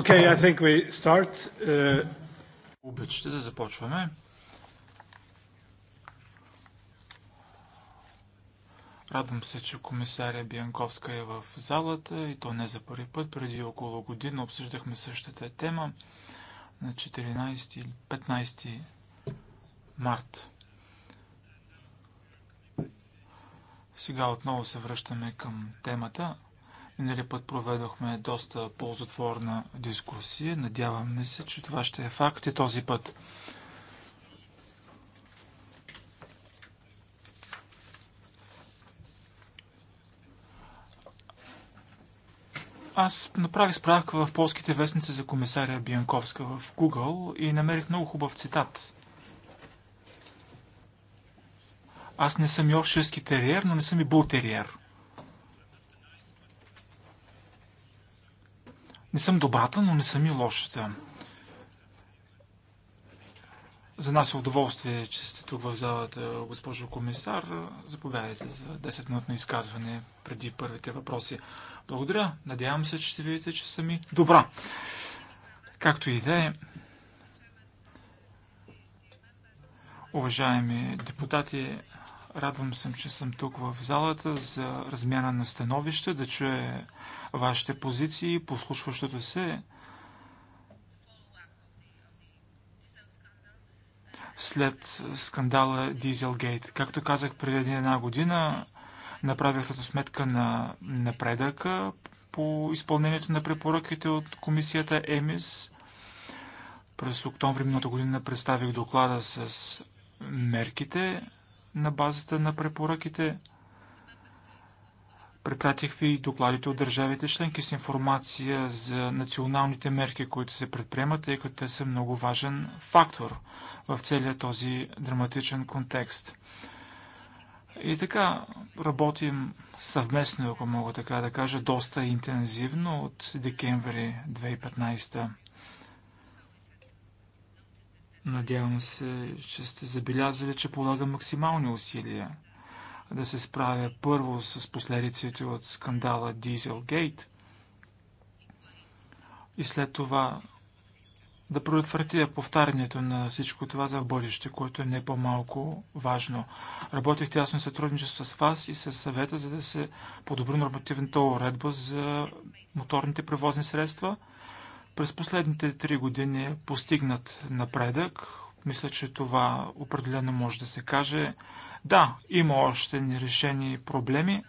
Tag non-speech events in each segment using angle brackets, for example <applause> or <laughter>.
Okay, I think we start. Uh... Обичате да започваме. Радвам се, че комисаря Бианковска е в залата и то не за първи път. Преди около година обсъждахме същата тема на 14 или 15 март. Сега отново се връщаме към темата. Минали път проведохме доста ползотворна дискусия. Надяваме се, че това ще е факт и този път. Аз направих справка в полските вестници за комисаря Бианковска в Google и намерих много хубав цитат. Аз не съм йоркширски териер, но не съм и бултериер. Не съм добрата, но не съм и лошата. За нас е удоволствие, че сте тук в залата, госпожо комисар. Заповядайте за 10-минутно изказване преди първите въпроси. Благодаря. Надявам се, че ще видите, че съм и добра. Както и да е, уважаеми депутати, радвам се, че съм тук в залата за размяна на становище. да чуя вашите позиции по случващото се след скандала Дизелгейт. Както казах преди една година, направих сметка на напредъка по изпълнението на препоръките от комисията ЕМИС. През октомври миналата година представих доклада с мерките на базата на препоръките – Препратих ви докладите от държавите членки с информация за националните мерки, които се предприемат, тъй като те са много важен фактор в целия този драматичен контекст. И така, работим съвместно, ако мога така да кажа, доста интензивно от декември 2015. Надявам се, че сте забелязали, че полагам максимални усилия да се справя първо с последиците от скандала Дизелгейт и след това да предотвратя повтарянето на всичко това за бъдеще, което е не по-малко важно. Работих тясно сътрудничество с вас и с съвета, за да се подобри нормативната уредба за моторните превозни средства. През последните три години е постигнат напредък. Мисля, че това определено може да се каже. Да, има още нерешени проблеми.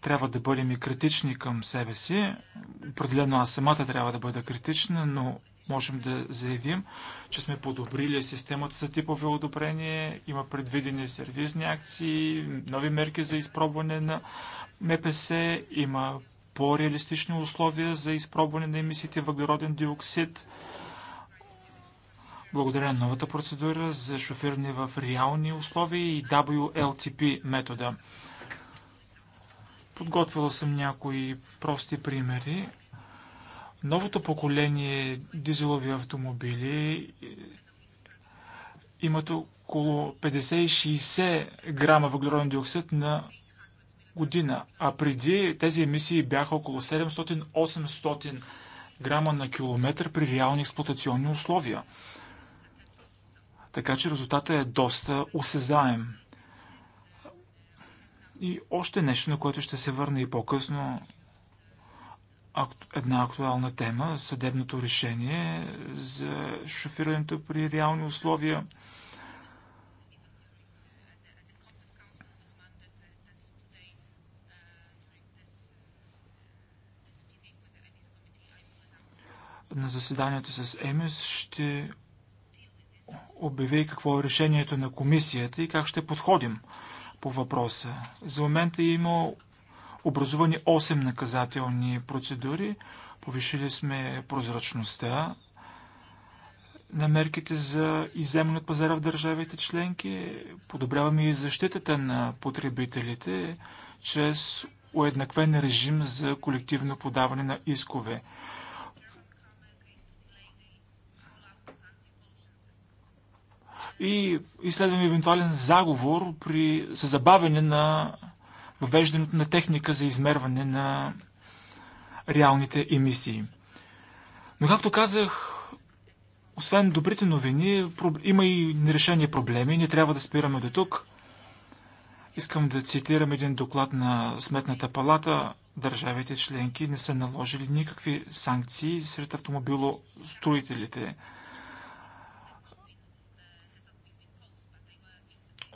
Трябва да бъдем и критични към себе си. Определено аз самата трябва да бъда критична, но можем да заявим, че сме подобрили системата за типове одобрение, има предвидени сервизни акции, нови мерки за изпробване на МПС, има по-реалистични условия за изпробване на емисиите въглероден диоксид – благодаря на новата процедура за шофиране в реални условия и WLTP метода. Подготвила съм някои прости примери. Новото поколение дизелови автомобили е, имат около 50-60 грама въглероден диоксид на година, а преди тези емисии бяха около 700-800 грама на километър при реални експлуатационни условия. Така че резултатът е доста осезаем. И още нещо, на което ще се върна и по-късно, една актуална тема съдебното решение за шофирането при реални условия. На заседанието с ЕМЕС ще обяви какво е решението на комисията и как ще подходим по въпроса. За момента има образувани 8 наказателни процедури. Повишили сме прозрачността на мерките за иземане от пазара в държавите членки. Подобряваме и защитата на потребителите чрез уеднаквен режим за колективно подаване на искове. и изследваме евентуален заговор при, забавяне на въвеждането на техника за измерване на реалните емисии. Но както казах, освен добрите новини, има и нерешени проблеми. Не трябва да спираме до тук. Искам да цитирам един доклад на Сметната палата. Държавите членки не са наложили никакви санкции сред автомобилостроителите.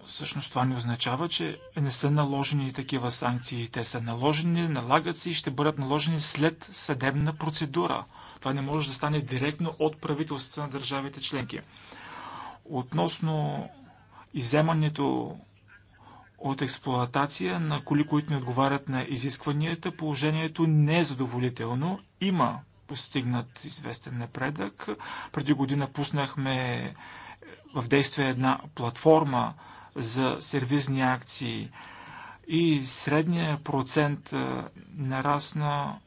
Всъщност това не означава, че не са наложени такива санкции. Те са наложени, налагат се и ще бъдат наложени след съдебна процедура. Това не може да стане директно от правителствата на държавите членки. Относно иземането от експлоатация на коли, които не отговарят на изискванията, положението не е задоволително. Има постигнат известен напредък. Преди година пуснахме в действие една платформа за сервизни акции и средният процент нарасна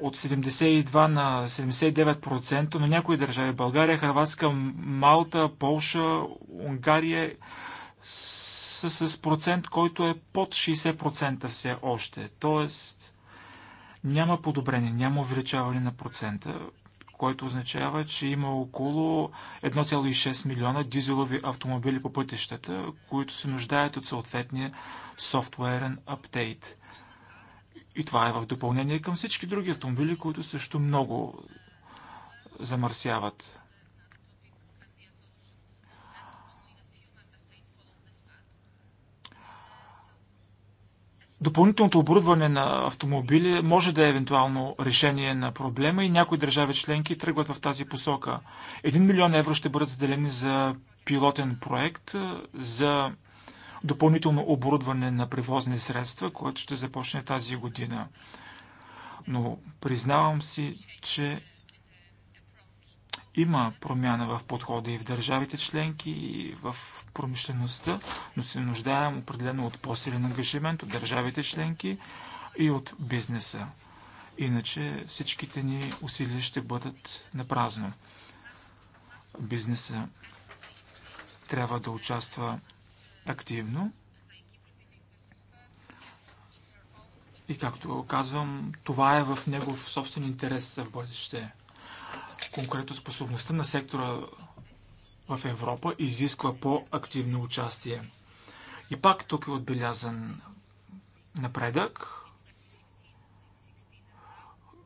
от 72 на 79%, но някои държави, България, Хрватска, Малта, Полша, Унгария, са с процент, който е под 60% все още. Тоест, няма подобрение, няма увеличаване на процента което означава, че има около 1,6 милиона дизелови автомобили по пътищата, които се нуждаят от съответния софтуерен апдейт. И това е в допълнение към всички други автомобили, които също много замърсяват. допълнителното оборудване на автомобили може да е евентуално решение на проблема и някои държави членки тръгват в тази посока. Един милион евро ще бъдат заделени за пилотен проект за допълнително оборудване на превозни средства, което ще започне тази година. Но признавам си, че има промяна в подхода и в държавите членки, и в промишлеността, но се нуждаем определено от по-силен ангажимент от държавите членки и от бизнеса. Иначе всичките ни усилия ще бъдат на празно. Бизнеса трябва да участва активно. И както казвам, това е в негов собствен интерес в бъдеще способността на сектора в Европа изисква по-активно участие. И пак тук е отбелязан напредък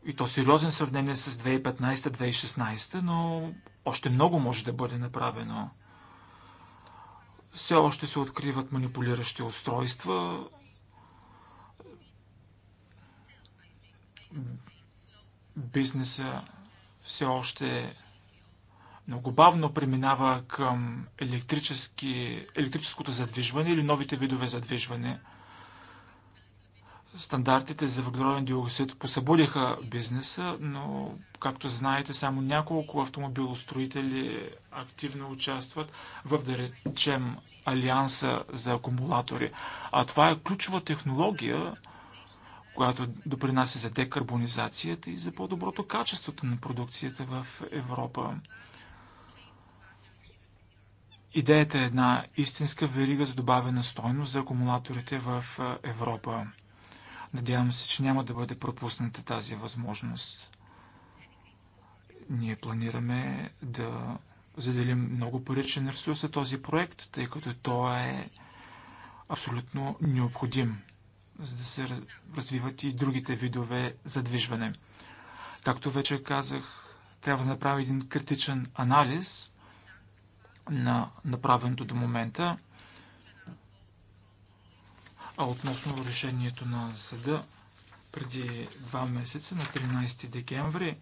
и то сериозен сравнение с 2015-2016, но още много може да бъде направено. Все още се откриват манипулиращи устройства. Бизнеса все още много бавно преминава към електрическото задвижване или новите видове задвижване. Стандартите за въглероден диоксид посъбудиха бизнеса, но, както знаете, само няколко автомобилостроители активно участват в, да речем, Алианса за акумулатори. А това е ключова технология, която допринася за декарбонизацията и за по-доброто качеството на продукцията в Европа. Идеята е една истинска верига за добавена стойност за акумулаторите в Европа. Надявам се, че няма да бъде пропусната тази възможност. Ние планираме да заделим много паричен ресурс за този проект, тъй като той е абсолютно необходим за да се развиват и другите видове задвижване. Както вече казах, трябва да направя един критичен анализ на направеното до момента. А относно решението на съда, преди два месеца, на 13 декември,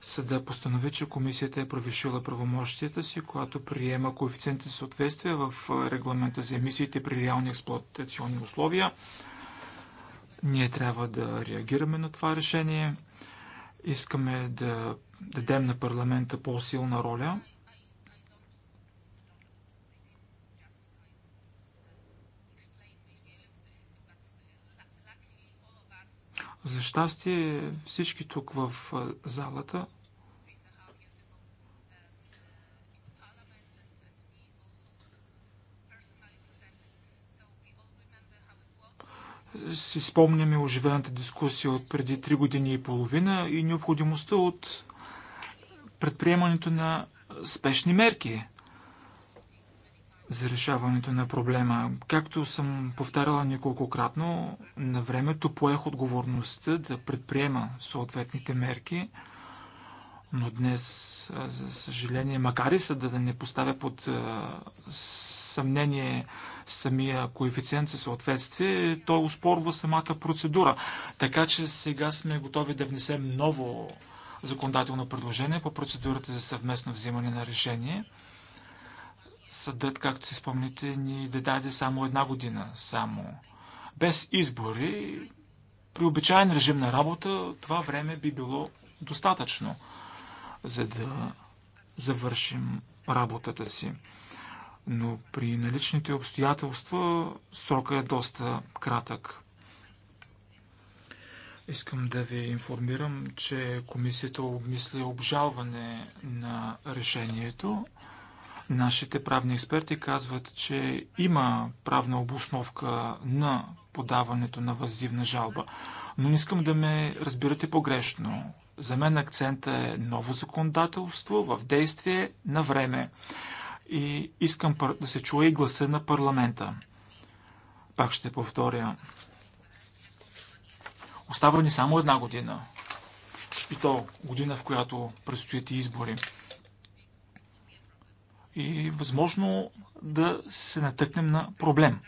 съда постанови, че комисията е провишила правомощията си, която приема коефициентите съответствие в регламента за емисиите при реални експлуатационни условия – ние трябва да реагираме на това решение. Искаме да дадем на парламента по-силна роля. За щастие всички тук в залата си спомняме оживената дискусия от преди 3 години и половина и необходимостта от предприемането на спешни мерки за решаването на проблема. Както съм повтаряла кратно, на времето поех отговорността да предприема съответните мерки, но днес, за съжаление, макар и съда да не поставя под съмнение самия коефициент за съответствие, той успорва самата процедура. Така че сега сме готови да внесем ново законодателно предложение по процедурата за съвместно взимане на решение. Съдът, както си спомните, ни да даде само една година, само без избори. При обичайен режим на работа това време би било достатъчно, за да завършим работата си но при наличните обстоятелства срока е доста кратък. Искам да ви информирам, че комисията обмисля обжалване на решението. Нашите правни експерти казват, че има правна обосновка на подаването на въззивна жалба. Но не искам да ме разбирате погрешно. За мен акцента е ново законодателство в действие на време и искам да се чуе и гласа на парламента. Пак ще повторя. Остава ни само една година. И то година, в която предстоят и избори. И възможно да се натъкнем на проблем,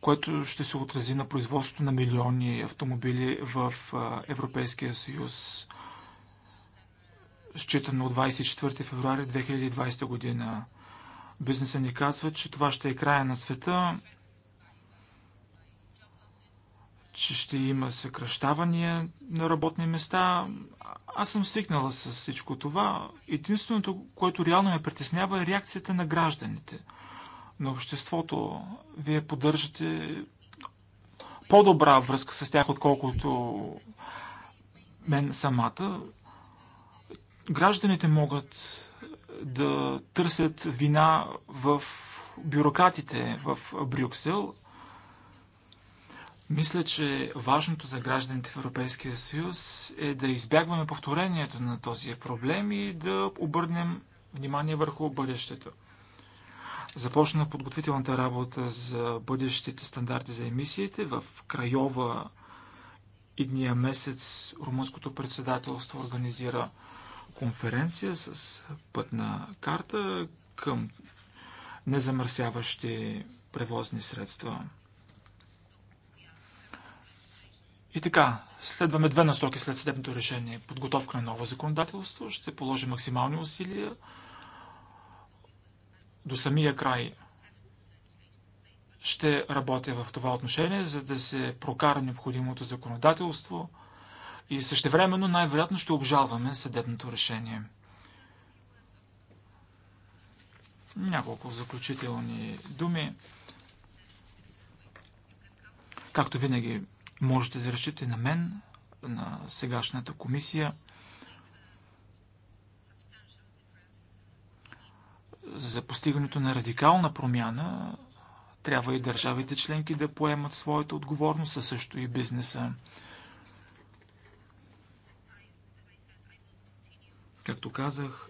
което ще се отрази на производството на милиони автомобили в Европейския съюз считано от 24 февруари 2020 година. Бизнесът ни казва, че това ще е края на света, че ще има съкръщавания на работни места. Аз съм свикнала с всичко това. Единственото, което реално ме притеснява е реакцията на гражданите, на обществото. Вие поддържате по-добра връзка с тях, отколкото мен самата гражданите могат да търсят вина в бюрократите в Брюксел. Мисля, че важното за гражданите в Европейския съюз е да избягваме повторението на този проблем и да обърнем внимание върху бъдещето. Започна подготвителната работа за бъдещите стандарти за емисиите в Крайова идния месец румънското председателство организира конференция с пътна карта към незамърсяващи превозни средства. И така, следваме две насоки след съдебното решение. Подготовка на ново законодателство. Ще положи максимални усилия до самия край. Ще работя в това отношение, за да се прокара необходимото законодателство – и същевременно най-вероятно ще обжалваме съдебното решение. Няколко заключителни думи. Както винаги, можете да решите на мен, на сегашната комисия. За постигането на радикална промяна трябва и държавите членки да поемат своята отговорност, а също и бизнеса. Както казах,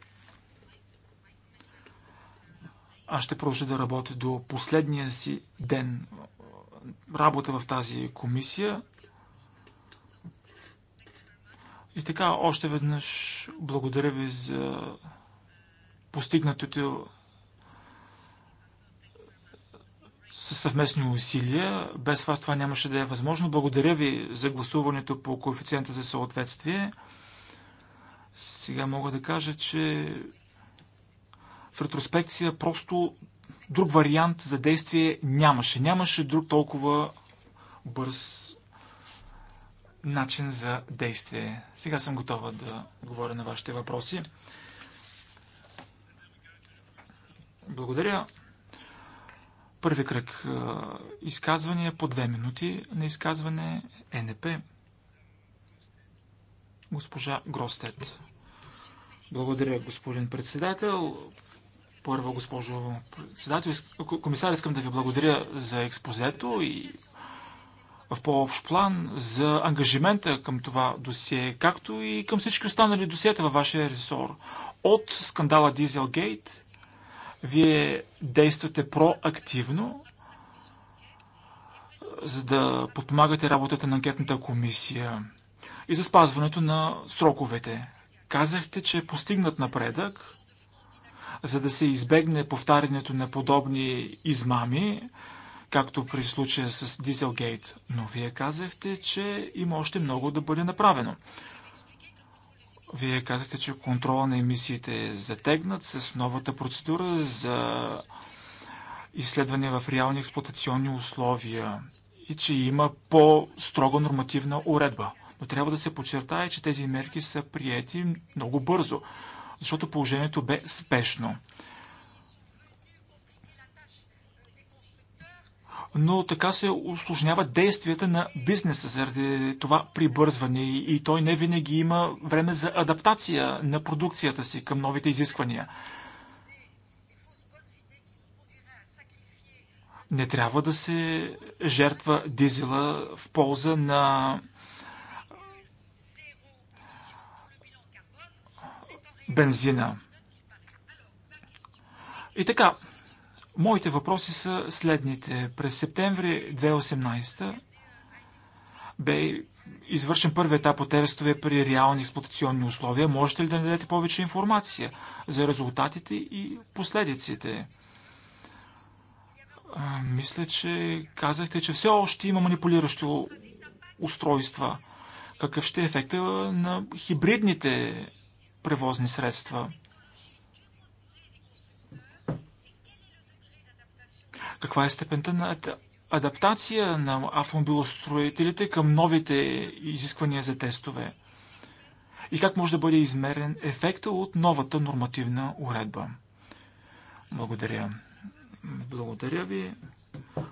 аз ще продължа да работя до последния си ден работа в тази комисия. И така, още веднъж благодаря ви за постигнатото със съвместни усилия. Без вас това нямаше да е възможно. Благодаря ви за гласуването по коефициента за съответствие. Сега мога да кажа, че в ретроспекция просто друг вариант за действие нямаше. Нямаше друг толкова бърз начин за действие. Сега съм готова да говоря на вашите въпроси. Благодаря. Първи кръг. Изказвания по две минути на изказване е, НП. Госпожа Гростет. Благодаря, господин председател. Първо, госпожо председател, комисар, искам да ви благодаря за експозето и в по-общ план за ангажимента към това досие, както и към всички останали досиета във вашия ресор. От скандала Дизелгейт вие действате проактивно, за да подпомагате работата на анкетната комисия и за спазването на сроковете. Казахте, че е постигнат напредък, за да се избегне повтарянето на подобни измами, както при случая с Дизелгейт. Но вие казахте, че има още много да бъде направено. Вие казахте, че контрола на емисиите е затегнат с новата процедура за изследване в реални експлуатационни условия и че има по-строга нормативна уредба. Но трябва да се подчертае, че тези мерки са приети много бързо, защото положението бе спешно. но така се осложнява действията на бизнеса заради това прибързване и той не винаги има време за адаптация на продукцията си към новите изисквания. Не трябва да се жертва дизела в полза на бензина. И така, моите въпроси са следните. През септември 2018 бе извършен първи етап от тестове при реални експлуатационни условия. Можете ли да ни дадете повече информация за резултатите и последиците? мисля, че казахте, че все още има манипулиращи устройства. Какъв ще е ефекта на хибридните превозни средства. Каква е степента на адаптация на автомобилостроителите към новите изисквания за тестове? И как може да бъде измерен ефекта от новата нормативна уредба? Благодаря. Благодаря ви,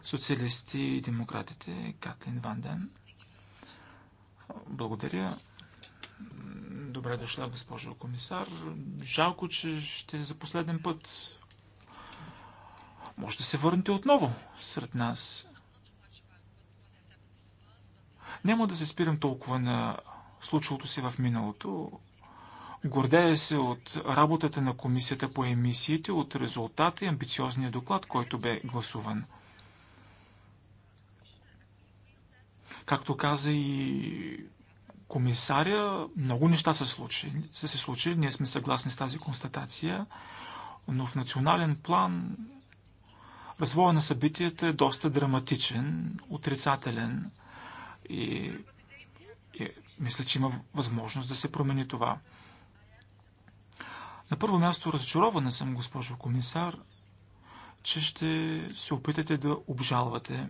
социалисти и демократите, Катлин Ванден. Благодаря. Добре дошла, госпожо комисар. Жалко, че ще е за последен път. Може да се върнете отново сред нас. Няма да се спирам толкова на случилото си в миналото. Гордея се от работата на комисията по емисиите, от резултата и амбициозния доклад, който бе гласуван. Както каза и комисаря, много неща са, случи, са се случили, ние сме съгласни с тази констатация, но в национален план развоя на събитията е доста драматичен, отрицателен и, и мисля, че има възможност да се промени това. На първо място разочарована съм, госпожо комисар, че ще се опитате да обжалвате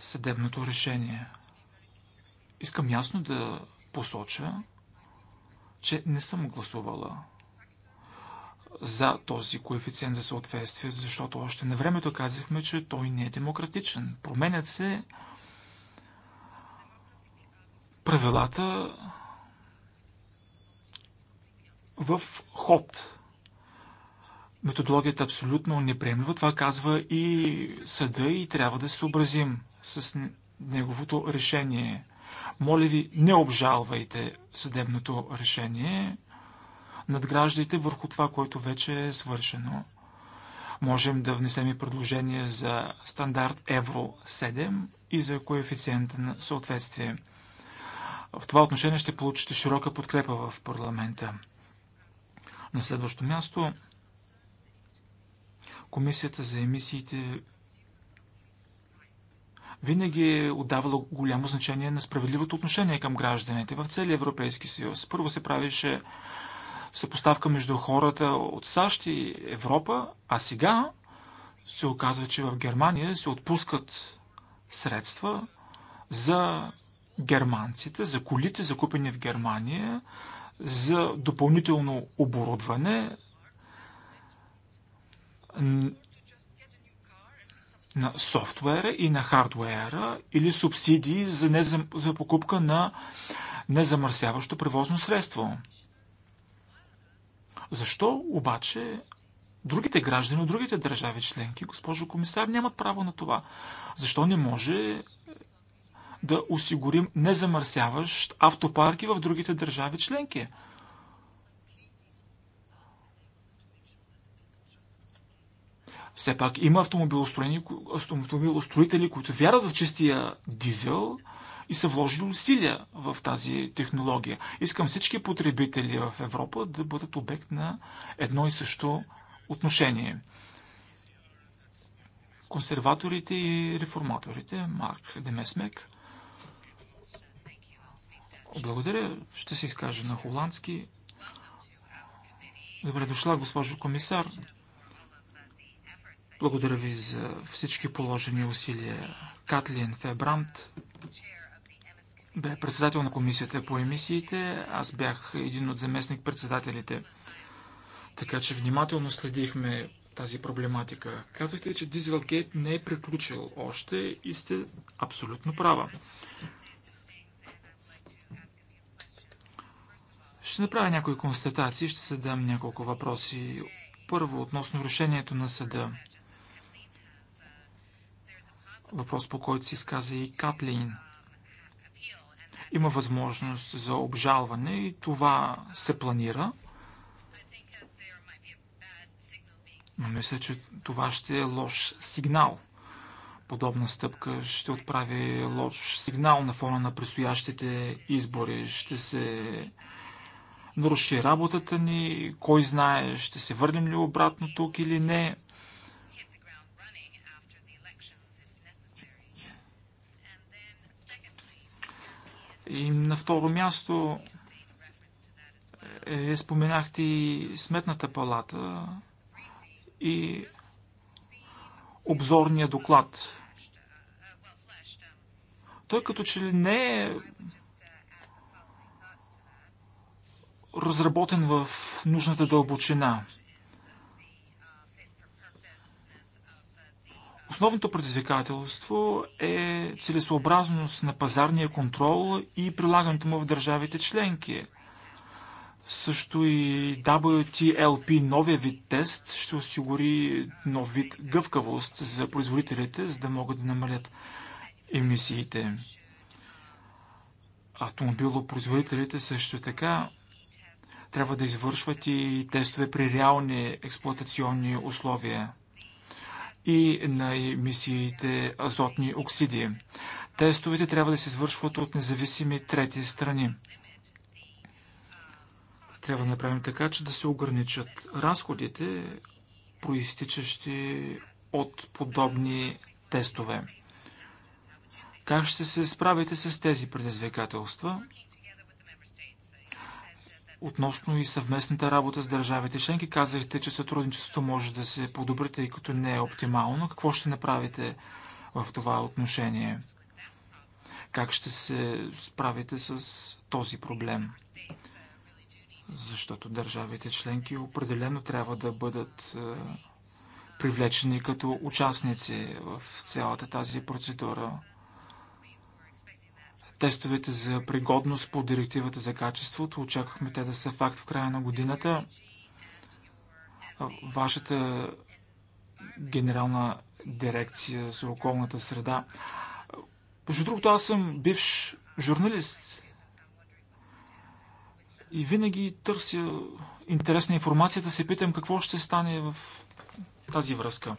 съдебното решение – Искам ясно да посоча, че не съм гласувала за този коефициент за съответствие, защото още на времето казахме, че той не е демократичен. Променят се правилата в ход. Методологията е абсолютно неприемлива. Това казва и съда и трябва да се съобразим с неговото решение. Моля ви, не обжалвайте съдебното решение. Надграждайте върху това, което вече е свършено. Можем да внесем и предложение за стандарт Евро 7 и за коефициента на съответствие. В това отношение ще получите широка подкрепа в парламента. На следващо място Комисията за емисиите винаги е отдавала голямо значение на справедливото отношение към гражданите в целия Европейски съюз. Първо се правише съпоставка между хората от САЩ и Европа, а сега се оказва, че в Германия се отпускат средства за германците, за колите, закупени в Германия, за допълнително оборудване на софтуера и на хардуера или субсидии за, за, за покупка на незамърсяващо превозно средство. Защо обаче другите граждани от другите държави членки, госпожо комисар, нямат право на това? Защо не може да осигурим незамърсяващ автопарки в другите държави членки? Все пак има автомобилостроители, които вярват в чистия дизел и са вложили усилия в тази технология. Искам всички потребители в Европа да бъдат обект на едно и също отношение. Консерваторите и реформаторите, Марк Демесмек. Благодаря, ще се изкажа на холандски. Добре дошла, госпожо комисар. Благодаря ви за всички положени усилия. Катлин Фебрант бе председател на комисията по емисиите. Аз бях един от заместник-председателите. Така че внимателно следихме тази проблематика. Казахте, че Дизелгейт не е приключил още и сте абсолютно права. Ще направя някои констатации, ще се дам няколко въпроси. Първо, относно решението на съда. Въпрос, по който си изказа и Катлин. Има възможност за обжалване и това се планира. Но мисля, че това ще е лош сигнал. Подобна стъпка ще отправи лош сигнал на фона на предстоящите избори. Ще се наруши работата ни, кой знае, ще се върнем ли обратно тук или не. И на второ място е, е, споменахте и Сметната палата и обзорния доклад. Той като че ли не е разработен в нужната дълбочина. Основното предизвикателство е целесообразност на пазарния контрол и прилагането му в държавите членки. Също и WTLP, новия вид тест, ще осигури нов вид гъвкавост за производителите, за да могат да намалят емисиите. Автомобилопроизводителите също така трябва да извършват и тестове при реални експлуатационни условия и на емисиите азотни оксиди. Тестовете трябва да се извършват от независими трети страни. Трябва да направим така, че да се ограничат разходите, проистичащи от подобни тестове. Как ще се справите с тези предизвикателства? Относно и съвместната работа с държавите членки, казахте, че сътрудничеството може да се подобри, тъй като не е оптимално. Какво ще направите в това отношение? Как ще се справите с този проблем? Защото държавите членки определено трябва да бъдат е, привлечени като участници в цялата тази процедура тестовете за пригодност по директивата за качеството. Очаквахме те да са факт в края на годината. Вашата генерална дирекция за околната среда. Между другото, аз съм бивш журналист и винаги търся интересна информация да се питам какво ще стане в тази връзка.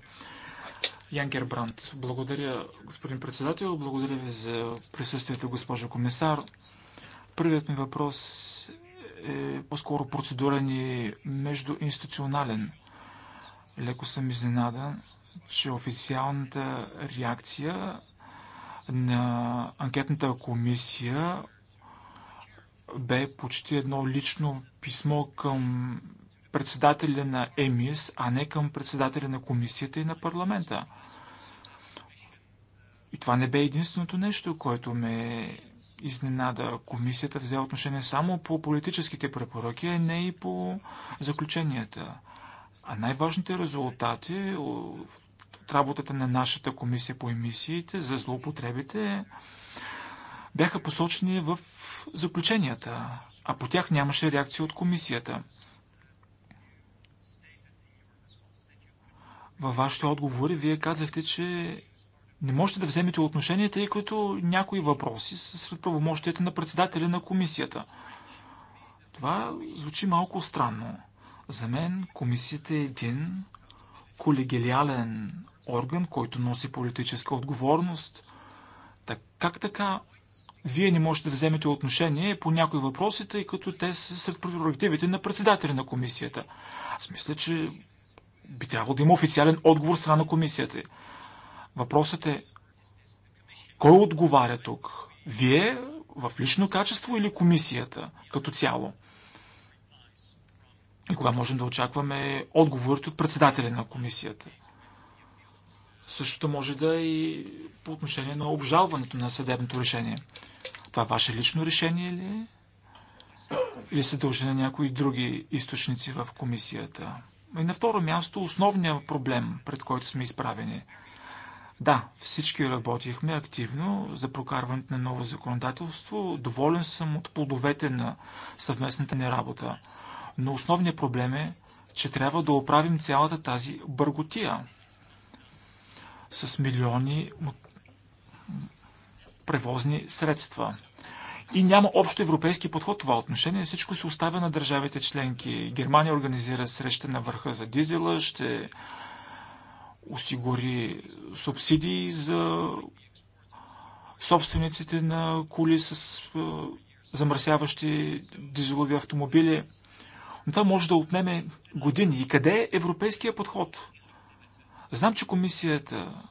Янгер Бранд. Благодаря, господин председател. Благодаря ви за присъствието, госпожо комисар. Първият ми въпрос е по-скоро процедурен и междуинституционален. Леко съм изненадан, че официалната реакция на анкетната комисия бе почти едно лично писмо към председателя на ЕМИС, а не към председателя на комисията и на парламента. И това не бе единственото нещо, което ме изненада. Комисията взе отношение само по политическите препоръки, а не и по заключенията. А най-важните резултати от работата на нашата комисия по емисиите за злоупотребите бяха посочени в заключенията, а по тях нямаше реакция от комисията. Във вашите отговори вие казахте, че не можете да вземете отношение, тъй като някои въпроси са сред правомощията на председателя на комисията. Това звучи малко странно. За мен комисията е един колегиален орган, който носи политическа отговорност. Так, как така вие не можете да вземете отношение по някои въпроси, тъй като те са сред прерогативите на председателя на комисията? Аз мисля, че би трябвало да има официален отговор страна на комисията. Въпросът е, кой отговаря тук? Вие в лично качество или комисията като цяло? И кога можем да очакваме отговорите от председателя на комисията? Същото може да е и по отношение на обжалването на съдебното решение. Това е ваше лично решение ли е? Или се дължи на някои други източници в комисията? И на второ място, основният проблем, пред който сме изправени – да, всички работихме активно за прокарването на ново законодателство. Доволен съм от плодовете на съвместната ни работа. Но основният проблем е, че трябва да оправим цялата тази бърготия с милиони превозни средства. И няма общо европейски подход това отношение. Всичко се оставя на държавите членки. Германия организира среща на върха за дизела, ще осигури субсидии за собствениците на коли с замърсяващи дизелови автомобили. Но това може да отнеме години. И къде е европейския подход? Знам, че комисията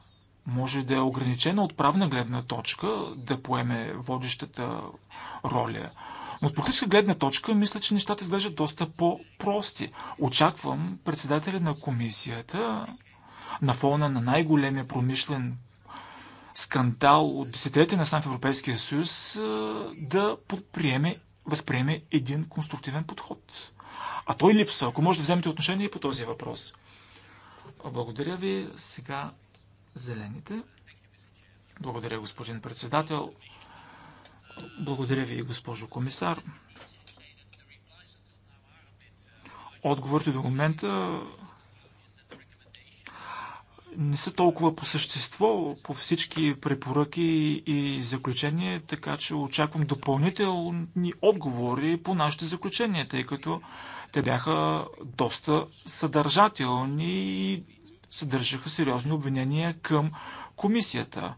може да е ограничена от правна гледна точка да поеме водещата роля. Но от политическа гледна точка, мисля, че нещата изглеждат доста по-прости. Очаквам председателя на комисията на фона на най-големия промишлен скандал от десетилетия на сам в Европейския съюз е, да подприеме, възприеме един конструктивен подход. А той липсва. Ако може да вземете отношение и по този въпрос. Благодаря ви. Сега зелените. Благодаря, господин председател. Благодаря ви, госпожо комисар. Отговорите до момента не са толкова по същество, по всички препоръки и заключения, така че очаквам допълнителни отговори по нашите заключения, тъй като те бяха доста съдържателни и съдържаха сериозни обвинения към комисията.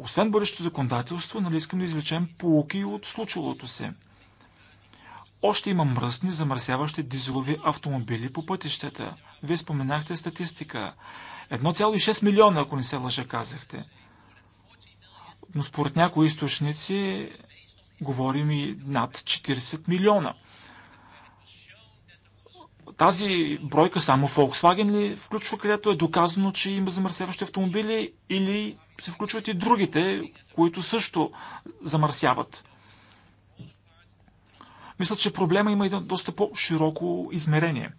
Освен бъдещето законодателство, нали искам да извлечем полуки от случилото се. Още има мръсни, замърсяващи дизелови автомобили по пътищата. Вие споменахте статистика. 1,6 милиона, ако не се лъжа, казахте. Но според някои източници говорим и над 40 милиона. Тази бройка само Volkswagen ли включва, където е доказано, че има замърсяващи автомобили или се включват и другите, които също замърсяват? Мисля, че проблема има и доста по-широко измерение.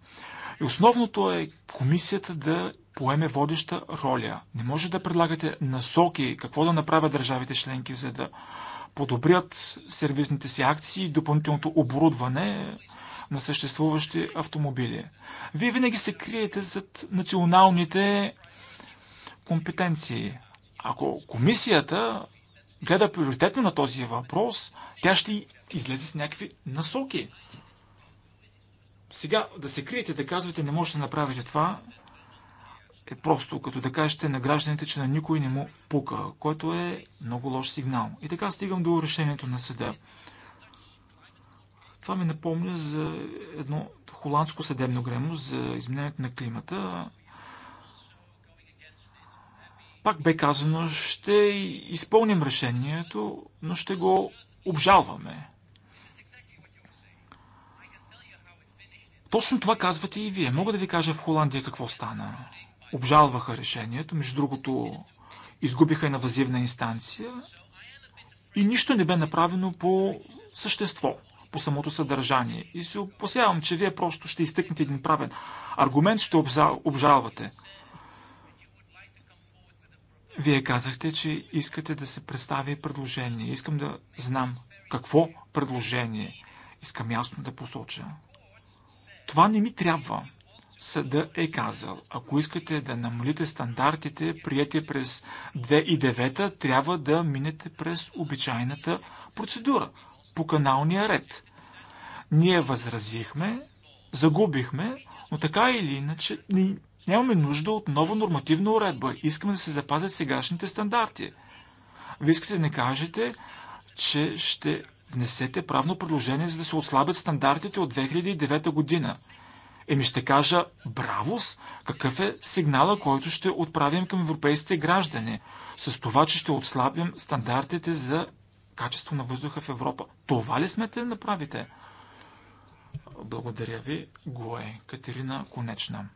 И основното е комисията да поеме водеща роля. Не може да предлагате насоки какво да направят държавите членки, за да подобрят сервизните си акции и допълнителното оборудване на съществуващи автомобили. Вие винаги се криете зад националните компетенции. Ако комисията гледа приоритетно на този въпрос, тя ще излезе с някакви насоки сега да се криете, да казвате, не можете да направите това, е просто като да кажете на гражданите, че на никой не му пука, което е много лош сигнал. И така стигам до решението на съда. Това ми напомня за едно холандско съдебно гремо за изменението на климата. Пак бе казано, ще изпълним решението, но ще го обжалваме. Точно това казвате и вие. Мога да ви кажа в Холандия какво стана. Обжалваха решението, между другото изгубиха и вазивна инстанция и нищо не бе направено по същество, по самото съдържание. И се опасявам, че вие просто ще изтъкнете един правен аргумент, ще обжалвате. Вие казахте, че искате да се представи предложение. Искам да знам какво предложение. Искам ясно да посоча. Това не ми трябва. Съда е казал, ако искате да намалите стандартите, прияти през 2009, трябва да минете през обичайната процедура, по каналния ред. Ние възразихме, загубихме, но така или иначе нямаме нужда от нова нормативна уредба. Искаме да се запазят сегашните стандарти. Вие искате да не кажете, че ще внесете правно предложение, за да се отслабят стандартите от 2009 година. Еми ще кажа, бравос, какъв е сигнала, който ще отправим към европейските граждани, с това, че ще отслабим стандартите за качество на въздуха в Европа. Това ли смете да направите? Благодаря ви, Гое, Катерина Конечна.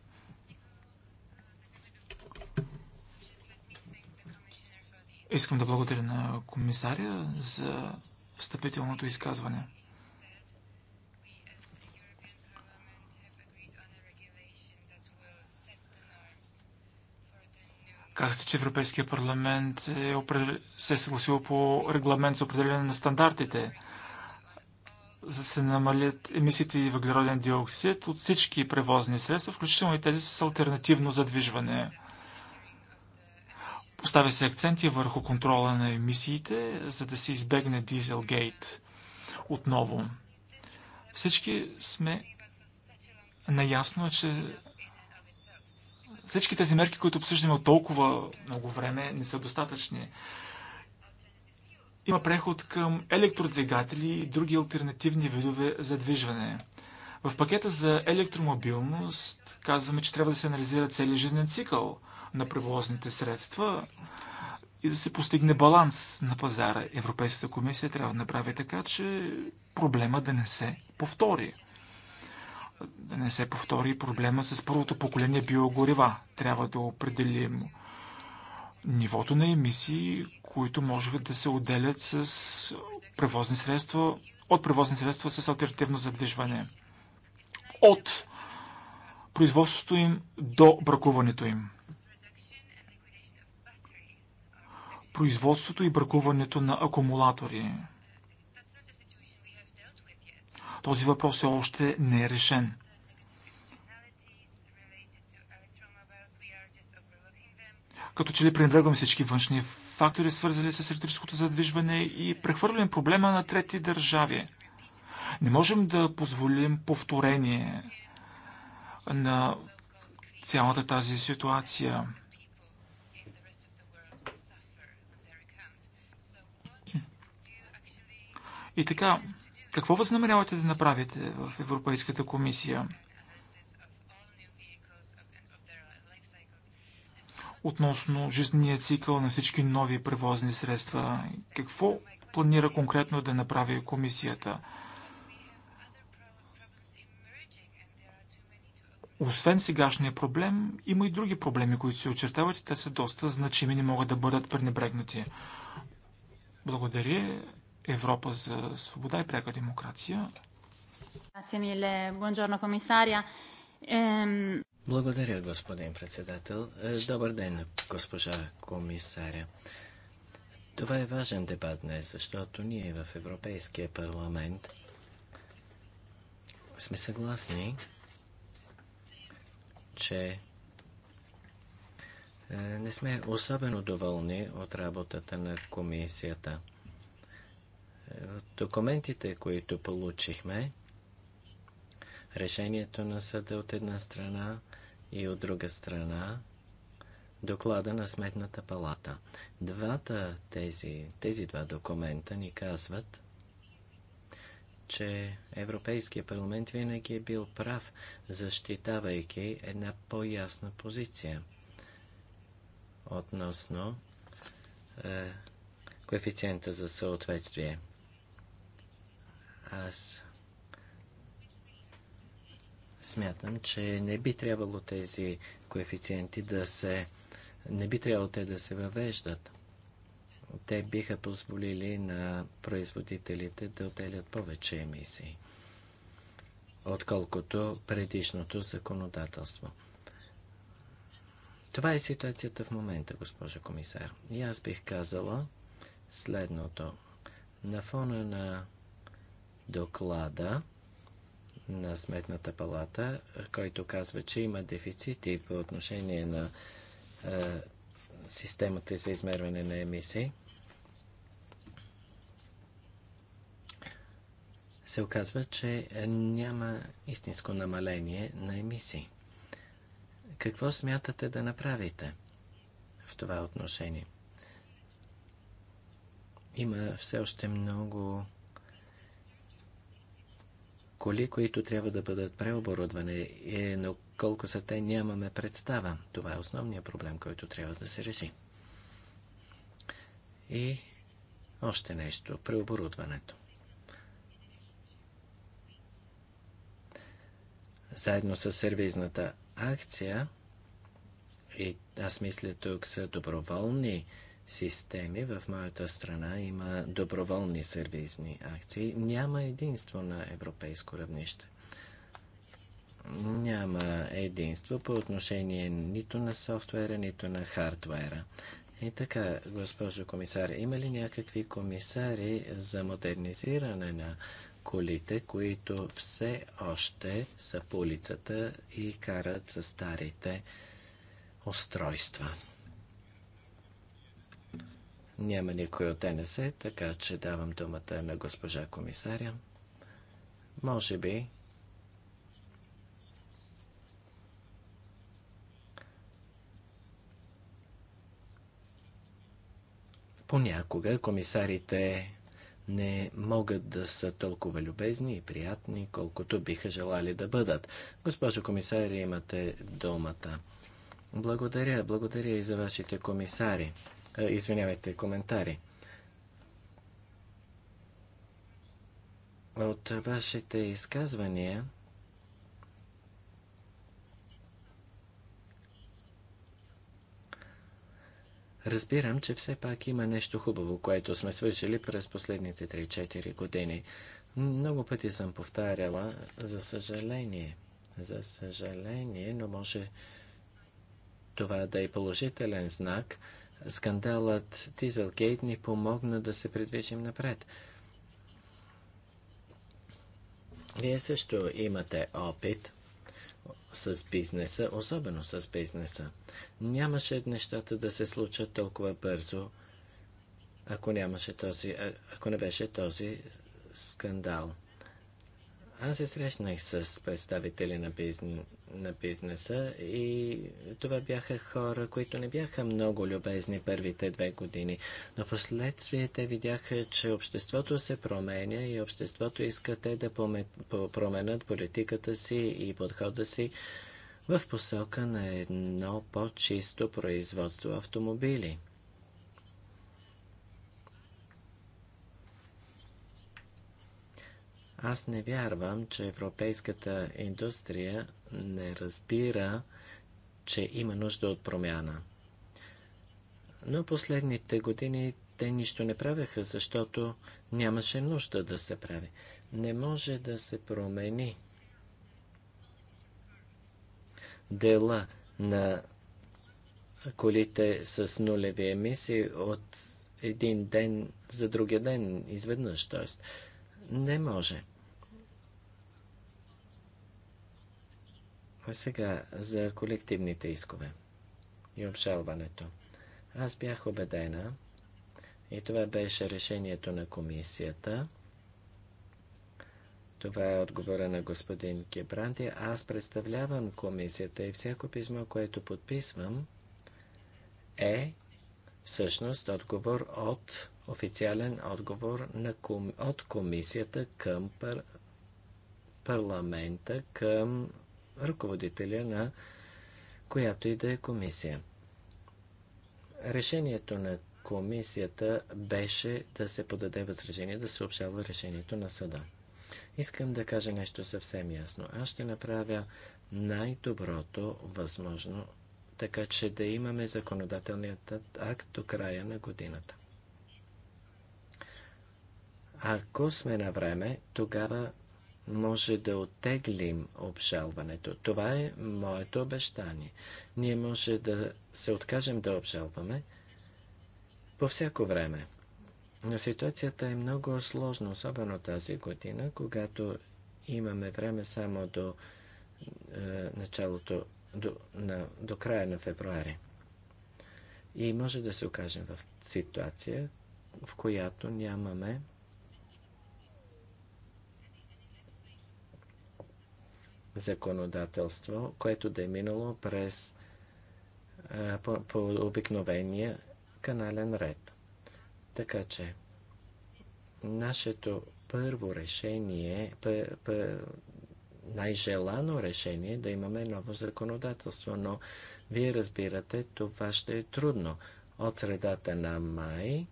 Искам да благодаря на комисаря за встъпителното изказване. Казахте, че Европейския парламент е опред... се е съгласил по регламент за определение на стандартите, за да се намалят емисиите и въглероден диоксид от всички превозни средства, включително и тези с альтернативно задвижване. Поставя се акценти върху контрола на емисиите, за да се избегне дизелгейт отново. Всички сме наясно, че всички тези мерки, които обсъждаме от толкова много време, не са достатъчни. Има преход към електродвигатели и други альтернативни видове задвижване. В пакета за електромобилност казваме, че трябва да се анализира целият жизнен цикъл – на превозните средства и да се постигне баланс на пазара. Европейската комисия трябва да направи така, че проблема да не се повтори. Да не се повтори проблема с първото поколение биогорива. Трябва да определим нивото на емисии, които можеха да се отделят с превозни средства, от превозни средства с альтернативно задвижване. От производството им до бракуването им. производството и бракуването на акумулатори. Този въпрос е още не е решен. Като че ли пренебрегваме всички външни фактори, свързани с електрическото задвижване и прехвърляме проблема на трети държави. Не можем да позволим повторение на цялата тази ситуация. И така, какво възнамерявате да направите в Европейската комисия? относно жизнения цикъл на всички нови превозни средства. Какво планира конкретно да направи комисията? Освен сегашния проблем, има и други проблеми, които се очертават и те са доста значими и могат да бъдат пренебрегнати. Благодаря. Европа за свобода и пряка демокрация. Благодаря, господин председател. Е, добър ден, госпожа комисаря. Това е важен дебат днес, защото ние в Европейския парламент сме съгласни, че е, не сме особено доволни от работата на комисията – документите, които получихме, решението на съда от една страна и от друга страна доклада на Сметната палата. Двата тези, тези два документа ни казват, че Европейския парламент винаги е бил прав, защитавайки една по-ясна позиция относно е, коефициента за съответствие. Аз смятам, че не би трябвало тези коефициенти да се не би трябвало те да се въвеждат. Те биха позволили на производителите да отделят повече емисии, отколкото предишното законодателство. Това е ситуацията в момента, госпожа комисар. И аз бих казала следното. На фона на доклада на Сметната палата, който казва, че има дефицити по отношение на е, системата за измерване на емисии. се оказва, че няма истинско намаление на емисии. Какво смятате да направите в това отношение? Има все още много коли, които трябва да бъдат преоборудвани, но колко са те, нямаме представа. Това е основният проблем, който трябва да се реши. И още нещо, преоборудването. Заедно с сервизната акция, и аз мисля тук са доброволни системи. В моята страна има доброволни сервизни акции. Няма единство на европейско равнище. Няма единство по отношение нито на софтуера, нито на хардуера. И така, госпожо комисар, има ли някакви комисари за модернизиране на колите, които все още са по улицата и карат за старите устройства? Няма никой от ДНС, така че давам думата на госпожа комисаря. Може би понякога комисарите не могат да са толкова любезни и приятни, колкото биха желали да бъдат. Госпожо комисари, имате думата. Благодаря, благодаря и за вашите комисари. Е, извинявайте, коментари. От вашите изказвания Разбирам, че все пак има нещо хубаво, което сме свършили през последните 3-4 години. Много пъти съм повтаряла, за съжаление. За съжаление, но може това да е положителен знак Скандалът Дизелгейт ни помогна да се придвижим напред. Вие също имате опит с бизнеса, особено с бизнеса. Нямаше нещата да се случат толкова бързо, ако, нямаше този, ако не беше този скандал. Аз се срещнах с представители на, бизнес на бизнеса и това бяха хора, които не бяха много любезни първите две години. Но последствие те видяха, че обществото се променя и обществото иска те да променят политиката си и подхода си в посока на едно по-чисто производство автомобили. Аз не вярвам, че европейската индустрия не разбира, че има нужда от промяна. Но последните години те нищо не правеха, защото нямаше нужда да се прави. Не може да се промени дела на колите с нулеви емисии от един ден за другия ден изведнъж. Тоест, не може. А сега за колективните искове и обжалването. Аз бях убедена, и това беше решението на комисията. Това е отговора на господин Кебранти. Аз представлявам комисията и всяко писмо, което подписвам, е всъщност отговор от официален отговор на ком... от комисията към пар... парламента, към ръководителя на която и да е комисия. Решението на комисията беше да се подаде възражение, да се обжалва решението на съда. Искам да кажа нещо съвсем ясно. Аз ще направя най-доброто възможно, така че да имаме законодателният акт до края на годината. Ако сме на време, тогава може да оттеглим обжалването. Това е моето обещание. Ние може да се откажем да обжалваме по всяко време. Но ситуацията е много сложна, особено тази година, когато имаме време само до е, началото, до, на, до края на февруари. И може да се окажем в ситуация, в която нямаме законодателство, което да е минало през по, по обикновения канален ред. Така че, нашето първо решение, е, най-желано решение е да имаме ново законодателство, но вие разбирате, това ще е трудно. От средата на май,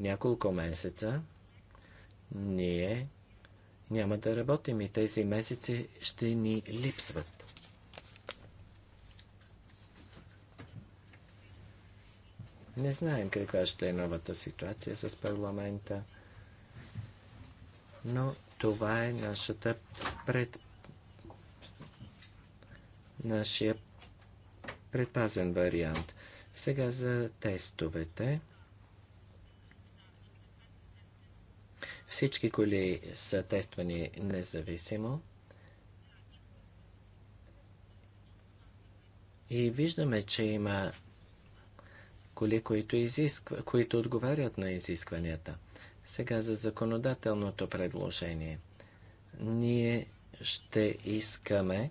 няколко месеца, ние няма да работим и тези месеци ще ни липсват. Не знаем каква ще е новата ситуация с парламента, но това е нашата пред... нашия предпазен вариант. Сега за тестовете – Всички коли са тествани независимо. И виждаме, че има коли, които, изисква, които отговарят на изискванията. Сега за законодателното предложение. Ние ще искаме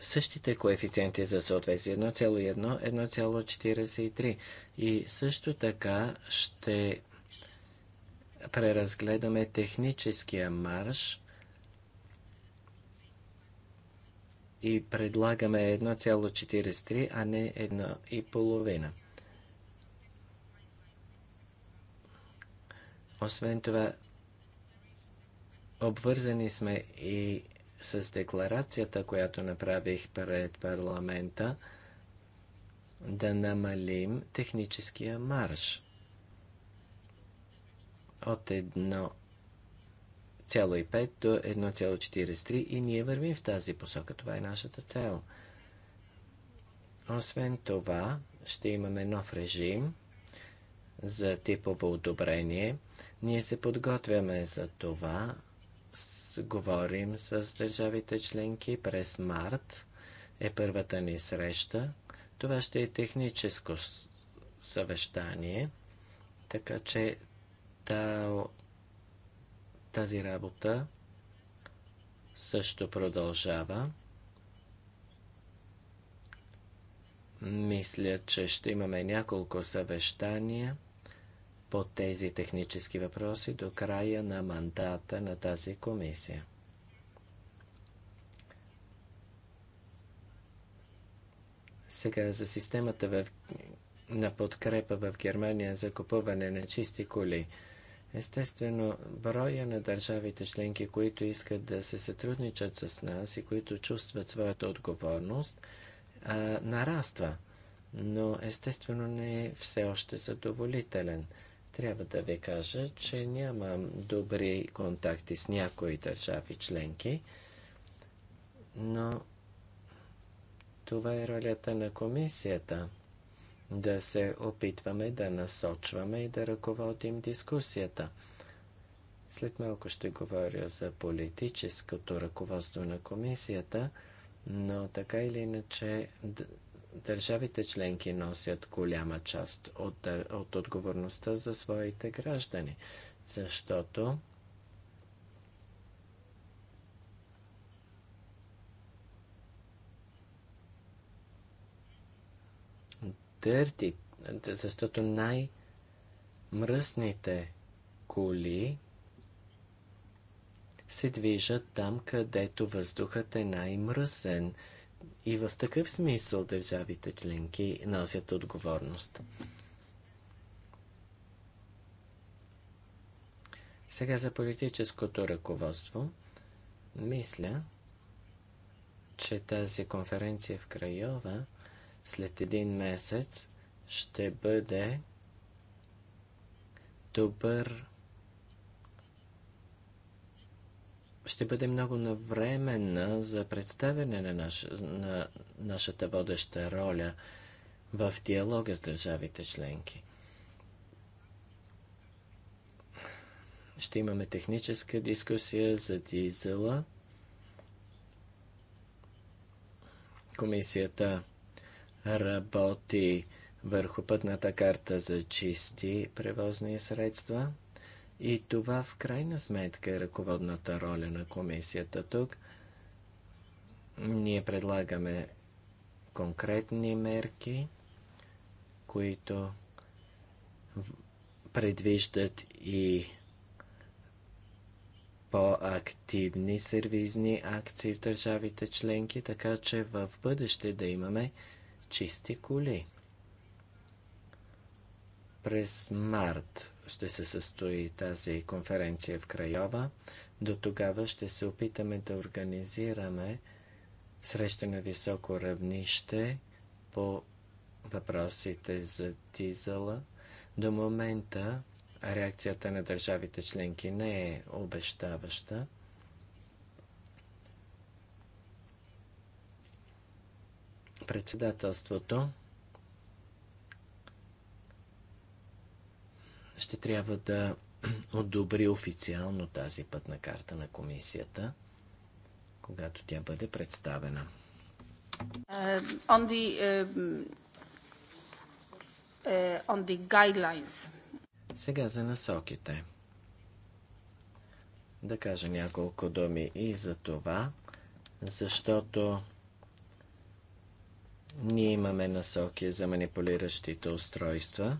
същите коефициенти за съответствие 1,1, 1,43. И също така ще преразгледаме техническия марш и предлагаме 1,43, а не 1,5. Освен това, обвързани сме и с декларацията, която направих пред парламента, да намалим техническия марш от 1,5 до 1,43 и ние вървим в тази посока. Това е нашата цел. Освен това, ще имаме нов режим за типово одобрение. Ние се подготвяме за това с, говорим с държавите членки. През март е първата ни среща. Това ще е техническо съвещание, така че тази работа също продължава. Мисля, че ще имаме няколко съвещания – по тези технически въпроси до края на мандата на тази комисия. Сега за системата в, на подкрепа в Германия за купуване на чисти коли. Естествено, броя на държавите членки, които искат да се сътрудничат с нас и които чувстват своята отговорност, а, нараства. Но естествено не е все още задоволителен трябва да ви кажа, че нямам добри контакти с някои държави членки, но това е ролята на комисията да се опитваме да насочваме и да ръководим дискусията. След малко ще говоря за политическото ръководство на комисията, но така или иначе държавите членки носят голяма част от, от отговорността за своите граждани, защото дърти, защото най-мръсните коли се движат там, където въздухът е най-мръсен – и в такъв смисъл държавите членки носят отговорност. Сега за политическото ръководство. Мисля, че тази конференция в Крайова след един месец ще бъде добър ще бъде много навременна за представяне на, наш, на нашата водеща роля в диалога с държавите членки. Ще имаме техническа дискусия за дизела. Комисията работи върху пътната карта за чисти превозни средства. И това в крайна сметка е ръководната роля на комисията тук. Ние предлагаме конкретни мерки, които предвиждат и по-активни сервизни акции в държавите членки, така че в бъдеще да имаме чисти коли. През март ще се състои тази конференция в Крайова. До тогава ще се опитаме да организираме среща на високо равнище по въпросите за дизела. До момента реакцията на държавите членки не е обещаваща. Председателството ще трябва да <clears throat> одобри официално тази пътна карта на комисията, когато тя бъде представена. Uh, on the, uh, uh, on the guidelines. Сега за насоките. Да кажа няколко думи и за това, защото ние имаме насоки за манипулиращите устройства.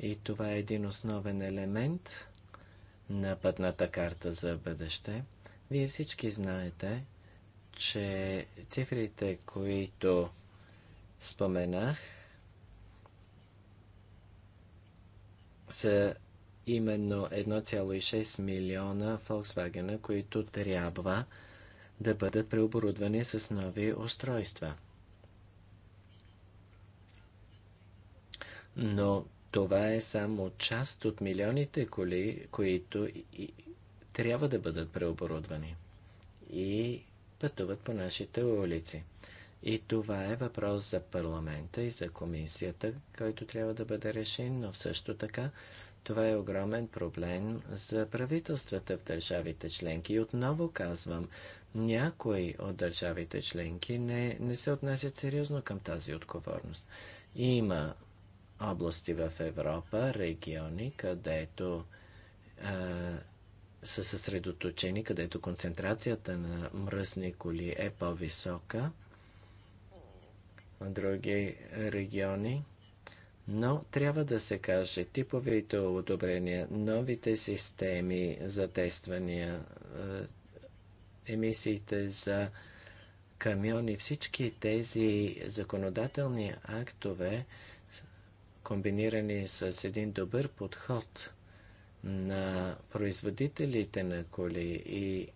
И това е един основен елемент на пътната карта за бъдеще. Вие всички знаете, че цифрите, които споменах, са именно 1,6 милиона Volkswagen, които трябва да бъдат преоборудвани с нови устройства. Но това е само част от милионите коли, които и, и, трябва да бъдат преоборудвани и пътуват по нашите улици. И това е въпрос за парламента и за комисията, който трябва да бъде решен, но също така това е огромен проблем за правителствата в държавите членки. И отново казвам, някои от държавите членки не, не се отнасят сериозно към тази отговорност. Има области в Европа, региони, където са съсредоточени, където концентрацията на мръсни коли е по-висока, други региони, но трябва да се каже, типовите одобрения, новите системи за тествания, емисиите за камиони, всички тези законодателни актове комбинирани с един добър подход на производителите на коли и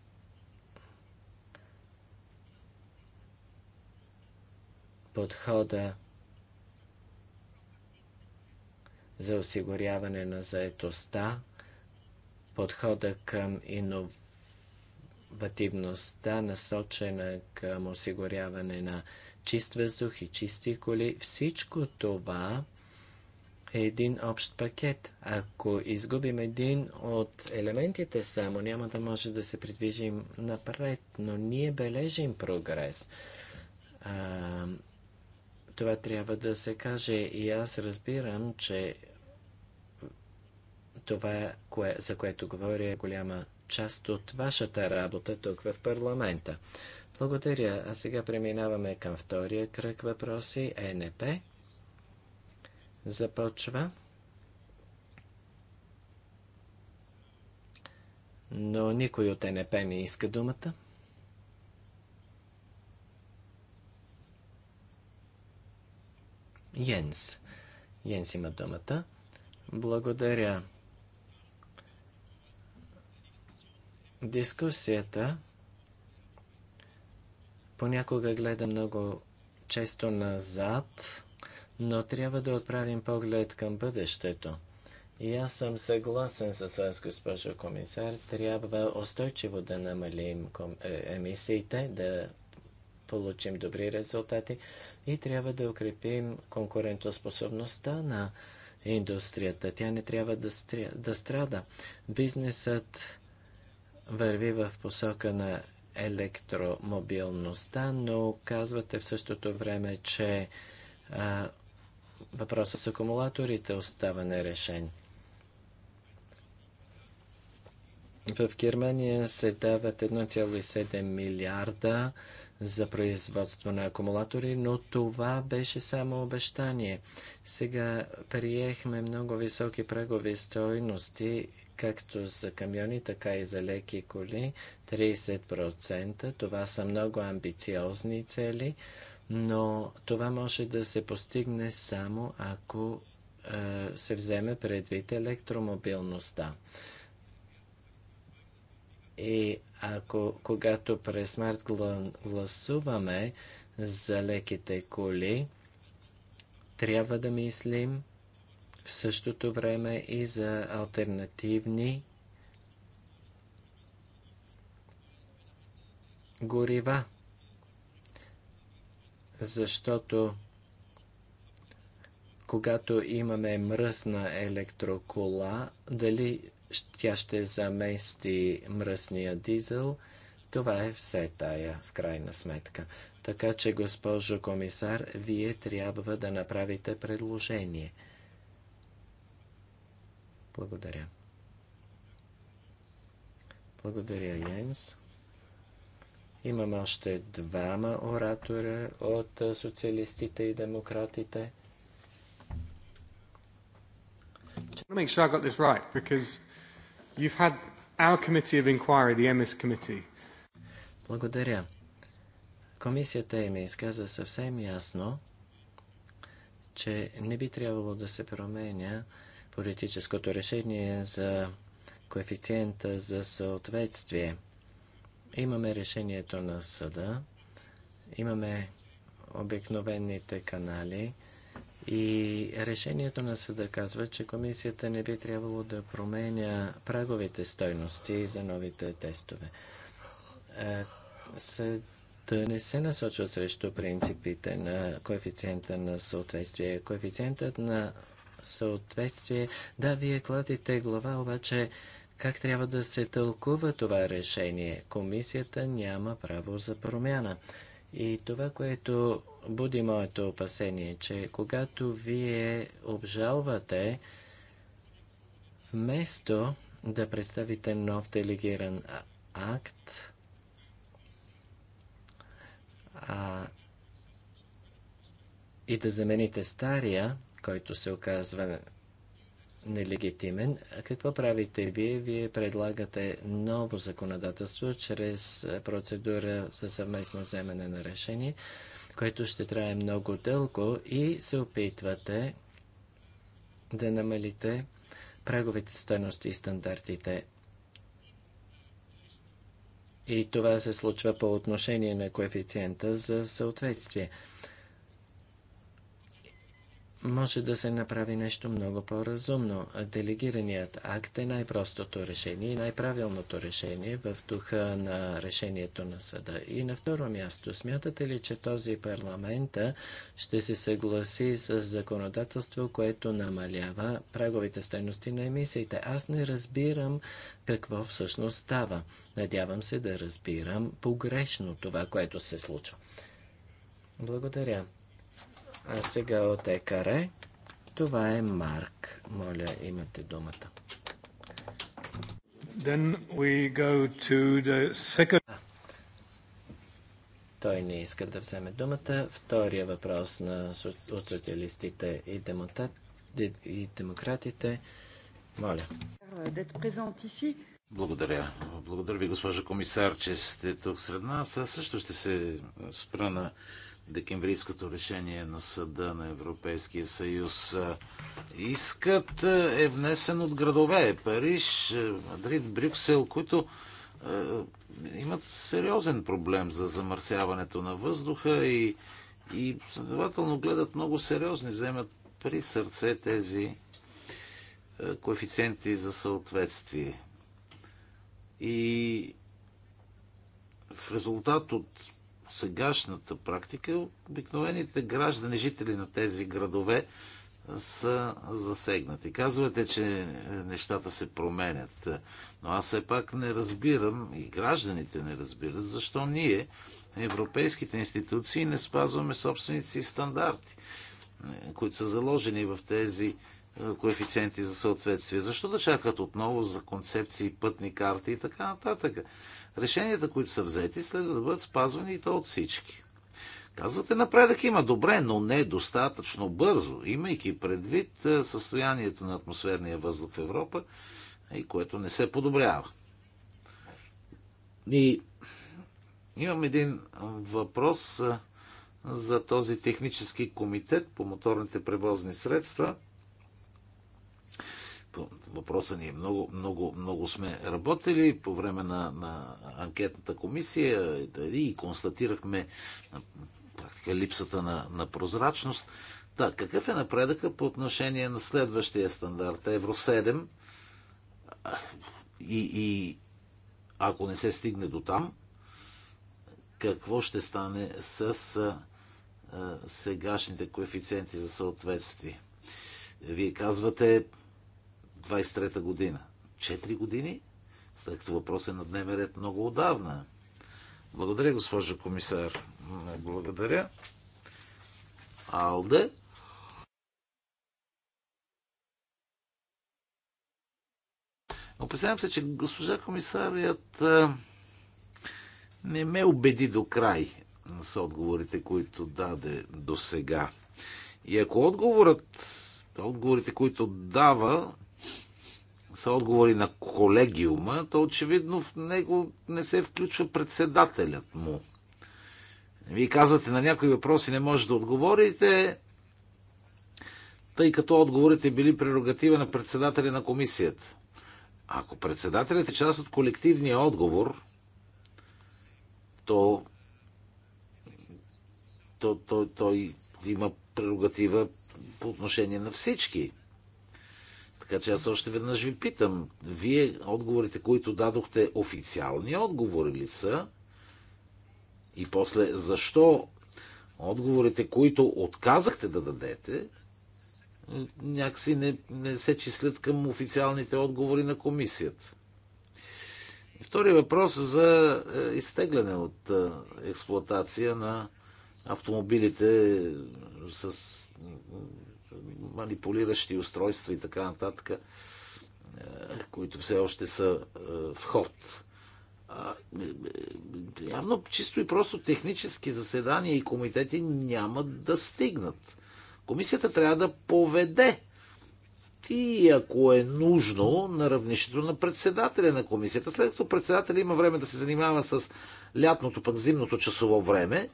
подхода за осигуряване на заетостта, подхода към иновативността, насочена към осигуряване на чист въздух и чисти коли. Всичко това е един общ пакет. Ако изгубим един от елементите само, няма да може да се придвижим напред, но ние бележим прогрес. А, това трябва да се каже и аз разбирам, че това, кое, за което говоря, е голяма част от вашата работа тук в парламента. Благодаря. А сега преминаваме към втория кръг въпроси ЕНП започва. Но никой от НП не иска думата. Йенс. Йенс има думата. Благодаря. Дискусията понякога гледа много често назад но трябва да отправим поглед към бъдещето. И аз съм съгласен с вас, госпожо комисар. Трябва устойчиво да намалим е, емисиите, да получим добри резултати и трябва да укрепим конкурентоспособността на индустрията. Тя не трябва да, стря... да страда. Бизнесът върви в посока на електромобилността, но казвате в същото време, че а, Въпросът с акумулаторите остава нерешен. В Германия се дават 1,7 милиарда за производство на акумулатори, но това беше само обещание. Сега приехме много високи прагови стойности, както за камиони, така и за леки коли, 30%. Това са много амбициозни цели но това може да се постигне само ако е, се вземе предвид електромобилността. И ако, когато през смарт гласуваме за леките коли, трябва да мислим в същото време и за альтернативни горива защото когато имаме мръсна електрокола, дали тя ще замести мръсния дизел, това е все тая в крайна сметка. Така че, госпожо комисар, вие трябва да направите предложение. Благодаря. Благодаря, Йенс. Имам още двама оратора от социалистите и демократите. Make sure I got this right because you've had our committee of inquiry, the MS committee. Благодаря. Комисията им е изказа съвсем ясно, че не би трябвало да се променя политическото решение за коефициента за съответствие. Имаме решението на съда, имаме обикновените канали и решението на съда казва, че комисията не би трябвало да променя праговите стойности за новите тестове. Е, Съд да не се насочва срещу принципите на коефициента на съответствие. Коефициентът на съответствие, да, вие кладите глава, обаче как трябва да се тълкува това решение? Комисията няма право за промяна. И това, което буди моето опасение, че когато вие обжалвате, вместо да представите нов делегиран акт, а, и да замените стария, който се оказва нелегитимен. Какво правите вие? Вие предлагате ново законодателство чрез процедура за съвместно вземане на решение, което ще трае много дълго и се опитвате да намалите праговите стоености и стандартите. И това се случва по отношение на коефициента за съответствие може да се направи нещо много по-разумно. Делегираният акт е най-простото решение и най-правилното решение в духа на решението на съда. И на второ място, смятате ли, че този парламент ще се съгласи с законодателство, което намалява праговите стоености на емисиите? Аз не разбирам какво всъщност става. Надявам се да разбирам погрешно това, което се случва. Благодаря. А сега от Екаре. Това е Марк. Моля, имате думата. Then we go to the second... Той не иска да вземе думата. Втория въпрос на, от социалистите и, демота... и демократите. Моля. Благодаря. Благодаря ви, госпожа комисар, че сте тук сред нас. Аз също ще се спра на декемврийското решение на Съда на Европейския съюз. Искът е внесен от градове Париж, Мадрид, Брюксел, които е, имат сериозен проблем за замърсяването на въздуха и, и следователно гледат много сериозни, вземат при сърце тези е, коефициенти за съответствие. И в резултат от сегашната практика обикновените граждани, жители на тези градове са засегнати. Казвате, че нещата се променят, но аз все пак не разбирам и гражданите не разбират защо ние, европейските институции, не спазваме собственици и стандарти, които са заложени в тези е, коефициенти за съответствие. Защо да чакат отново за концепции, пътни карти и така нататък? решенията, които са взети, следва да бъдат спазвани и то от всички. Казвате, напредък има добре, но не достатъчно бързо, имайки предвид е, състоянието на атмосферния въздух в Европа, е, и което не се подобрява. И имам един въпрос е, за този технически комитет по моторните превозни средства въпроса ни е много, много, много сме работили по време на, на анкетната комисия и констатирахме на практика липсата на, на прозрачност. Та, какъв е напредъка по отношение на следващия стандарт Евро 7 и, и ако не се стигне до там, какво ще стане с а, сегашните коефициенти за съответствие? Вие казвате, 23-та година. Четири години, след като въпрос е на дневен ред много отдавна. Благодаря, госпожо комисар. Благодаря. Алде. Опасявам се, че госпожа комисарият не ме убеди до край с отговорите, които даде до сега. И ако отговорът, отговорите, които дава, са отговори на колегиума, то очевидно в него не се включва председателят му. Вие казвате на някои въпроси не може да отговорите, тъй като отговорите били прерогатива на председателя на комисията. Ако председателят е част от колективния отговор, то той то, то, то има прерогатива по отношение на всички така че аз още веднъж ви питам, вие отговорите, които дадохте, официални отговори ли са? И после, защо отговорите, които отказахте да дадете, някакси не, не се числят към официалните отговори на комисията? И втори въпрос за е, изтегляне от е, експлоатация на автомобилите с манипулиращи устройства и така нататък, е, които все още са е, в ход. Е, явно чисто и просто технически заседания и комитети няма да стигнат. Комисията трябва да поведе и ако е нужно, на равнището на председателя на комисията. След като председателя има време да се занимава с лятното, пък зимното часово време,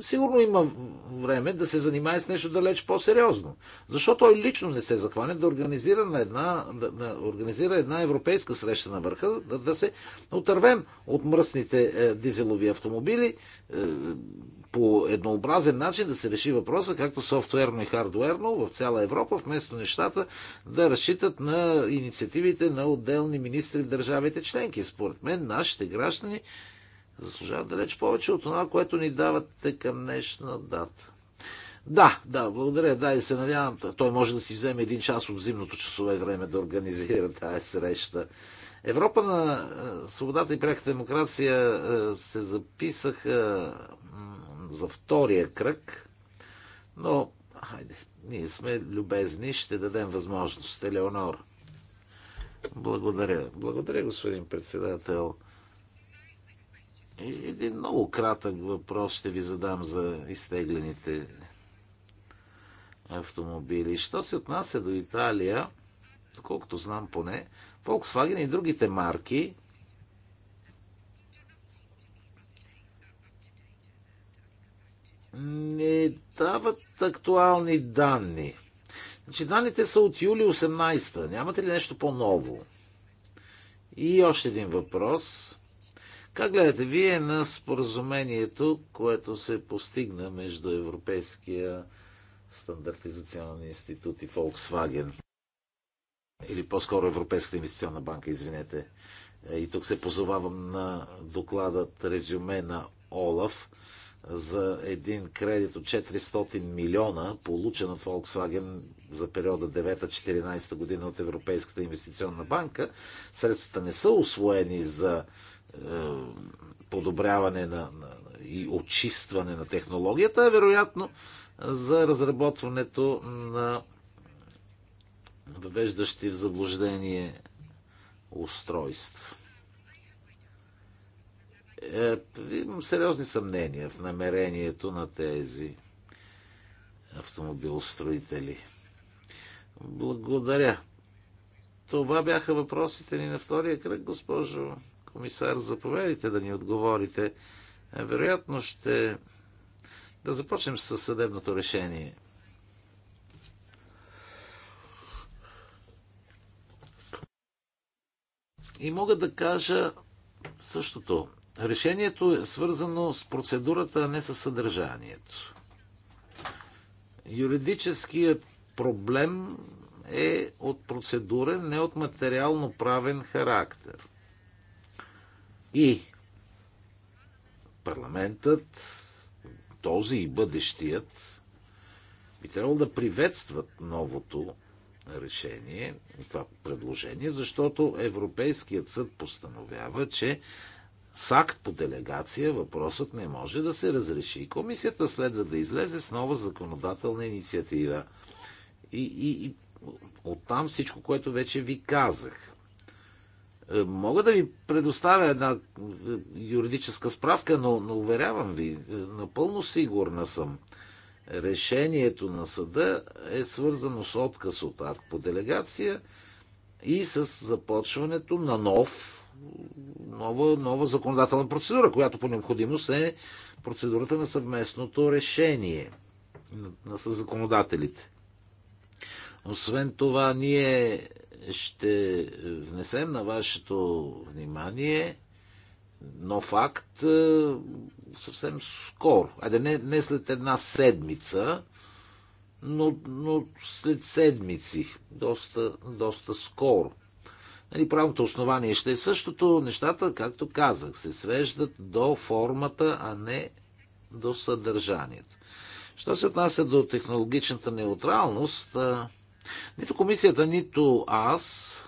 сигурно има време да се занимае с нещо далеч по-сериозно. Защо той лично не се захване да организира, на една, да, да организира една европейска среща на върха, да, да се отървем от мръсните е, дизелови автомобили е, по еднообразен начин да се реши въпроса, както софтуерно и хардуерно в цяла Европа, вместо нещата да разчитат на инициативите на отделни министри в държавите членки. Според мен нашите граждани заслужават далеч повече от това, което ни давате към днешна дата. Да, да, благодаря, да, и се надявам. Той може да си вземе един час от зимното часове време да организира тази среща. Европа на е, свободата и пряката демокрация е, се записаха за втория кръг, но, хайде, ние сме любезни, ще дадем възможност. Елеонор. Благодаря. Благодаря, господин председател. Един много кратък въпрос ще ви задам за изтеглените автомобили. Що се отнася до Италия, доколкото знам поне, Volkswagen и другите марки не дават актуални данни. Значи данните са от юли 18-та. Нямате ли нещо по-ново? И още един въпрос. Как гледате вие на споразумението, което се постигна между Европейския стандартизационен институт и Volkswagen? Или по-скоро Европейската инвестиционна банка, извинете. Е, и тук се позовавам на докладът резюме на Олаф за един кредит от 400 милиона, получен от Volkswagen за периода 9-14 година от Европейската инвестиционна банка. Средствата не са освоени за е, подобряване на, на, и очистване на технологията, а вероятно за разработването на въвеждащи в заблуждение устройства. Е, имам сериозни съмнения в намерението на тези автомобилостроители. Благодаря. Това бяха въпросите ни на втория кръг, госпожо Комисар, заповядайте да ни отговорите. Е, вероятно ще да започнем с съдебното решение. И мога да кажа същото. Решението е свързано с процедурата, а не с съдържанието. Юридическият проблем е от процедурен, не от материално-правен характер. И парламентът, този и бъдещият, би трябвало да приветстват новото решение, това предложение, защото Европейският съд постановява, че с акт по делегация въпросът не може да се разреши. Комисията следва да излезе с нова законодателна инициатива. И, и, и оттам всичко, което вече ви казах. Е, мога да ви предоставя една е, юридическа справка, но, но уверявам ви, е, напълно сигурна съм. Решението на съда е свързано с отказ от акт по делегация и с започването на нов, нова, нова законодателна процедура, която по необходимост е процедурата на съвместното решение на, на законодателите. Освен това, ние ще внесем на вашето внимание но факт, е, съвсем скоро. Айде, не, не след една седмица, но, но след седмици, доста, доста скоро. Нали, правното основание ще е същото. Нещата, както казах, се свеждат до формата, а не до съдържанието. Що се отнася до технологичната неутралност, е, нито комисията, нито аз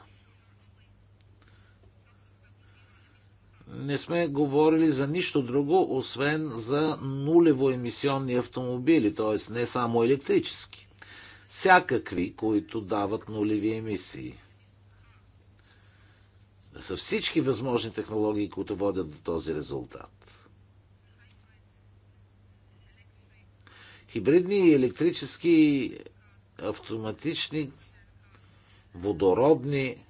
не сме говорили за нищо друго, освен за нулево емисионни автомобили, т.е. не само електрически. Всякакви, които дават нулеви емисии. Са всички възможни технологии, които водят до този резултат. Хибридни и електрически автоматични, водородни.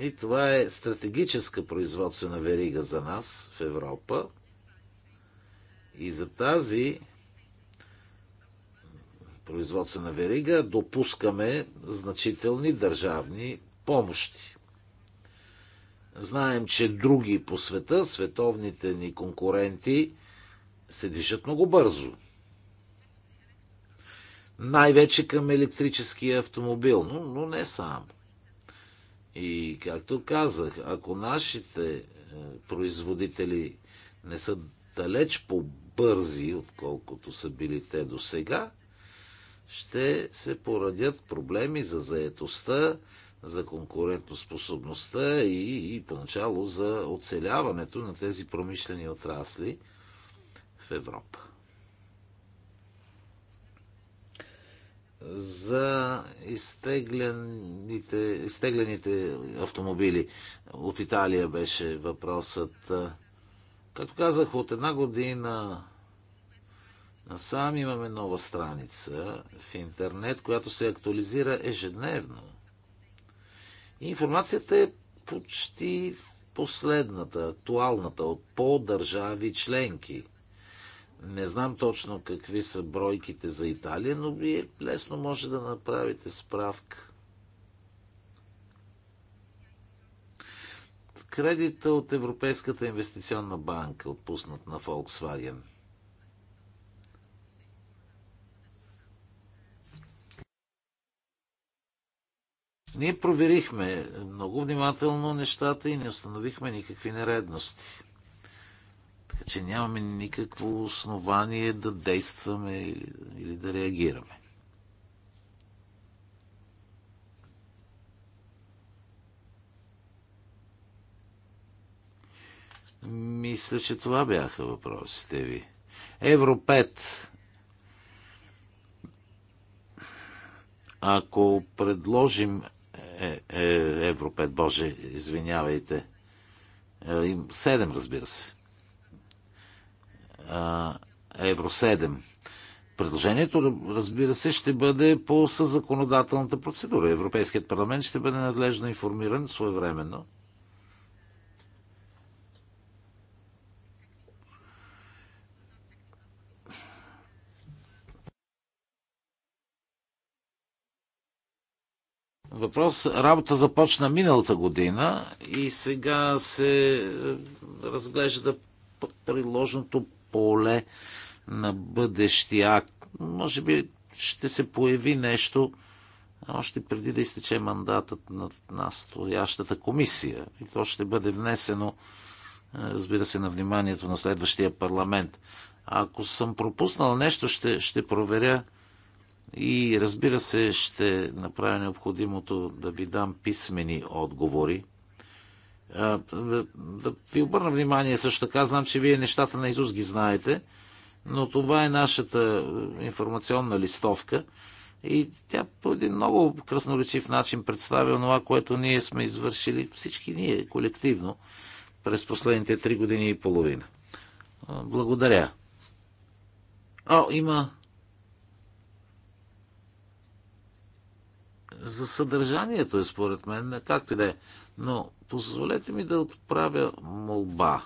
И това е стратегическа производствена верига за нас в Европа. И за тази производствена верига допускаме значителни държавни помощи. Знаем, че други по света, световните ни конкуренти, се движат много бързо – най-вече към електрическия автомобил, но, но не само. И както казах, ако нашите е, производители не са далеч по-бързи, отколкото са били те до сега, ще се порадят проблеми за заетостта, за конкурентоспособността и, и поначало за оцеляването на тези промишлени отрасли в Европа. за изтеглените, изтеглените автомобили. От Италия беше въпросът. Както казах, от една година насам имаме нова страница в интернет, която се актуализира ежедневно. И информацията е почти последната, актуалната от по-държави членки – не знам точно какви са бройките за Италия, но вие лесно може да направите справка. Кредита от Европейската инвестиционна банка, отпуснат на Volkswagen. Ние проверихме много внимателно нещата и не установихме никакви нередности. Така че нямаме никакво основание да действаме или да реагираме. Мисля, че това бяха въпросите ви. Евро 5. Ако предложим е, е, Боже, извинявайте. Е, седем, 7, разбира се. Евро 7. Предложението, разбира се, ще бъде по съзаконодателната процедура. Европейският парламент ще бъде надлежно информиран своевременно. въпрос. Работа започна миналата година и сега се е, разглежда приложното поле на бъдещия акт. Може би ще се появи нещо още преди да изтече мандатът на настоящата комисия. И то ще бъде внесено, е, разбира се, на вниманието на следващия парламент. А ако съм пропуснал нещо, ще, ще проверя и разбира се, ще направя необходимото да ви дам писмени отговори да, ви обърна внимание също така, знам, че вие нещата на Изус ги знаете, но това е нашата е, информационна листовка и тя по един много красноречив начин представя това, което ние сме извършили всички ние колективно през последните три години и половина. Благодаря. О, има за съдържанието е според мен, както и да е. Но Позволете ми да отправя молба.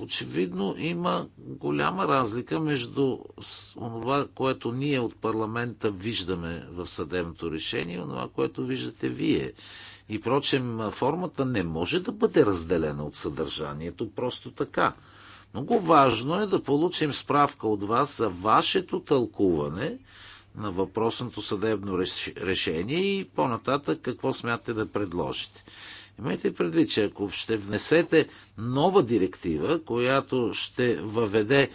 Очевидно има голяма разлика между това, което ние от парламента виждаме в съдебното решение и това, което виждате вие. И прочем, формата не може да бъде разделена от съдържанието просто така. Много важно е да получим справка от вас за вашето тълкуване на въпросното съдебно решение и по-нататък какво смятате да предложите. Имайте предвид, че ако ще внесете нова директива, която ще въведе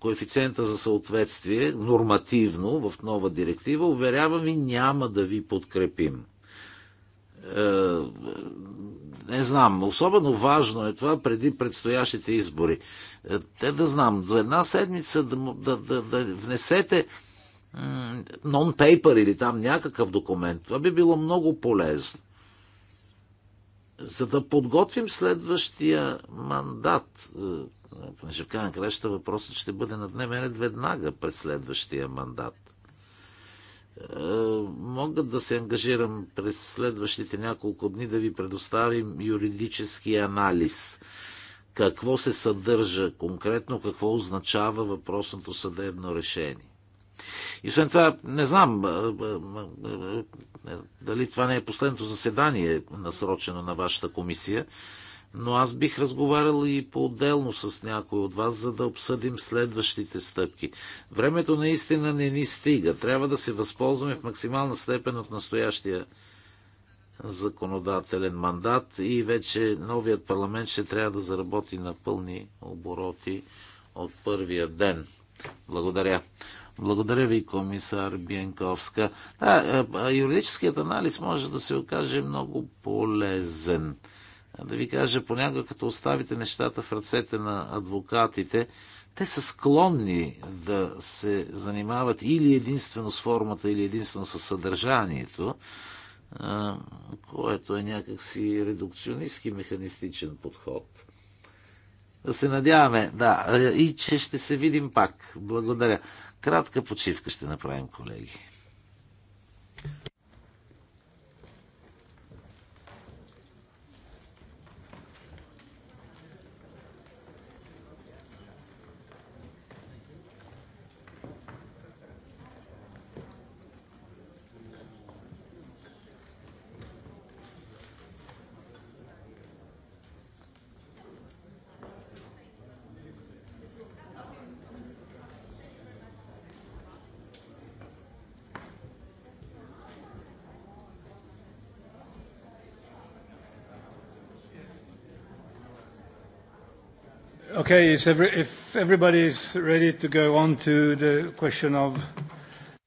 коефициента за съответствие нормативно в нова директива, уверявам ви, няма да ви подкрепим. Е, не знам, особено важно е това преди предстоящите избори. Е, те да знам, за една седмица да, да, да, да внесете нон-пейпер или там някакъв документ, това би било много полезно за да подготвим следващия мандат. Е, понеже в на краща въпросът ще бъде на дневен ред веднага през следващия мандат. Е, мога да се ангажирам през следващите няколко дни да ви предоставим юридически анализ. Какво се съдържа конкретно, какво означава въпросното съдебно решение. И освен това, не знам дали това не е последното заседание насрочено на вашата комисия, но аз бих разговарял и по-отделно с някой от вас, за да обсъдим следващите стъпки. Времето наистина не ни стига. Трябва да се възползваме в максимална степен от настоящия законодателен мандат и вече новият парламент ще трябва да заработи на пълни обороти от първия ден. Благодаря. Благодаря ви, комисар Бенковска. Да, е, е, юридическият анализ може да се окаже много полезен. Да ви кажа, понякога като оставите нещата в ръцете на адвокатите, те са склонни да се занимават или единствено с формата, или единствено с съдържанието, е, което е някакси редукционистски механистичен подход. Да се надяваме, да, и че ще се видим пак. Благодаря. Кратка почивка ще направим, колеги. Okay, if, every, if everybody's ready to go on to the question of...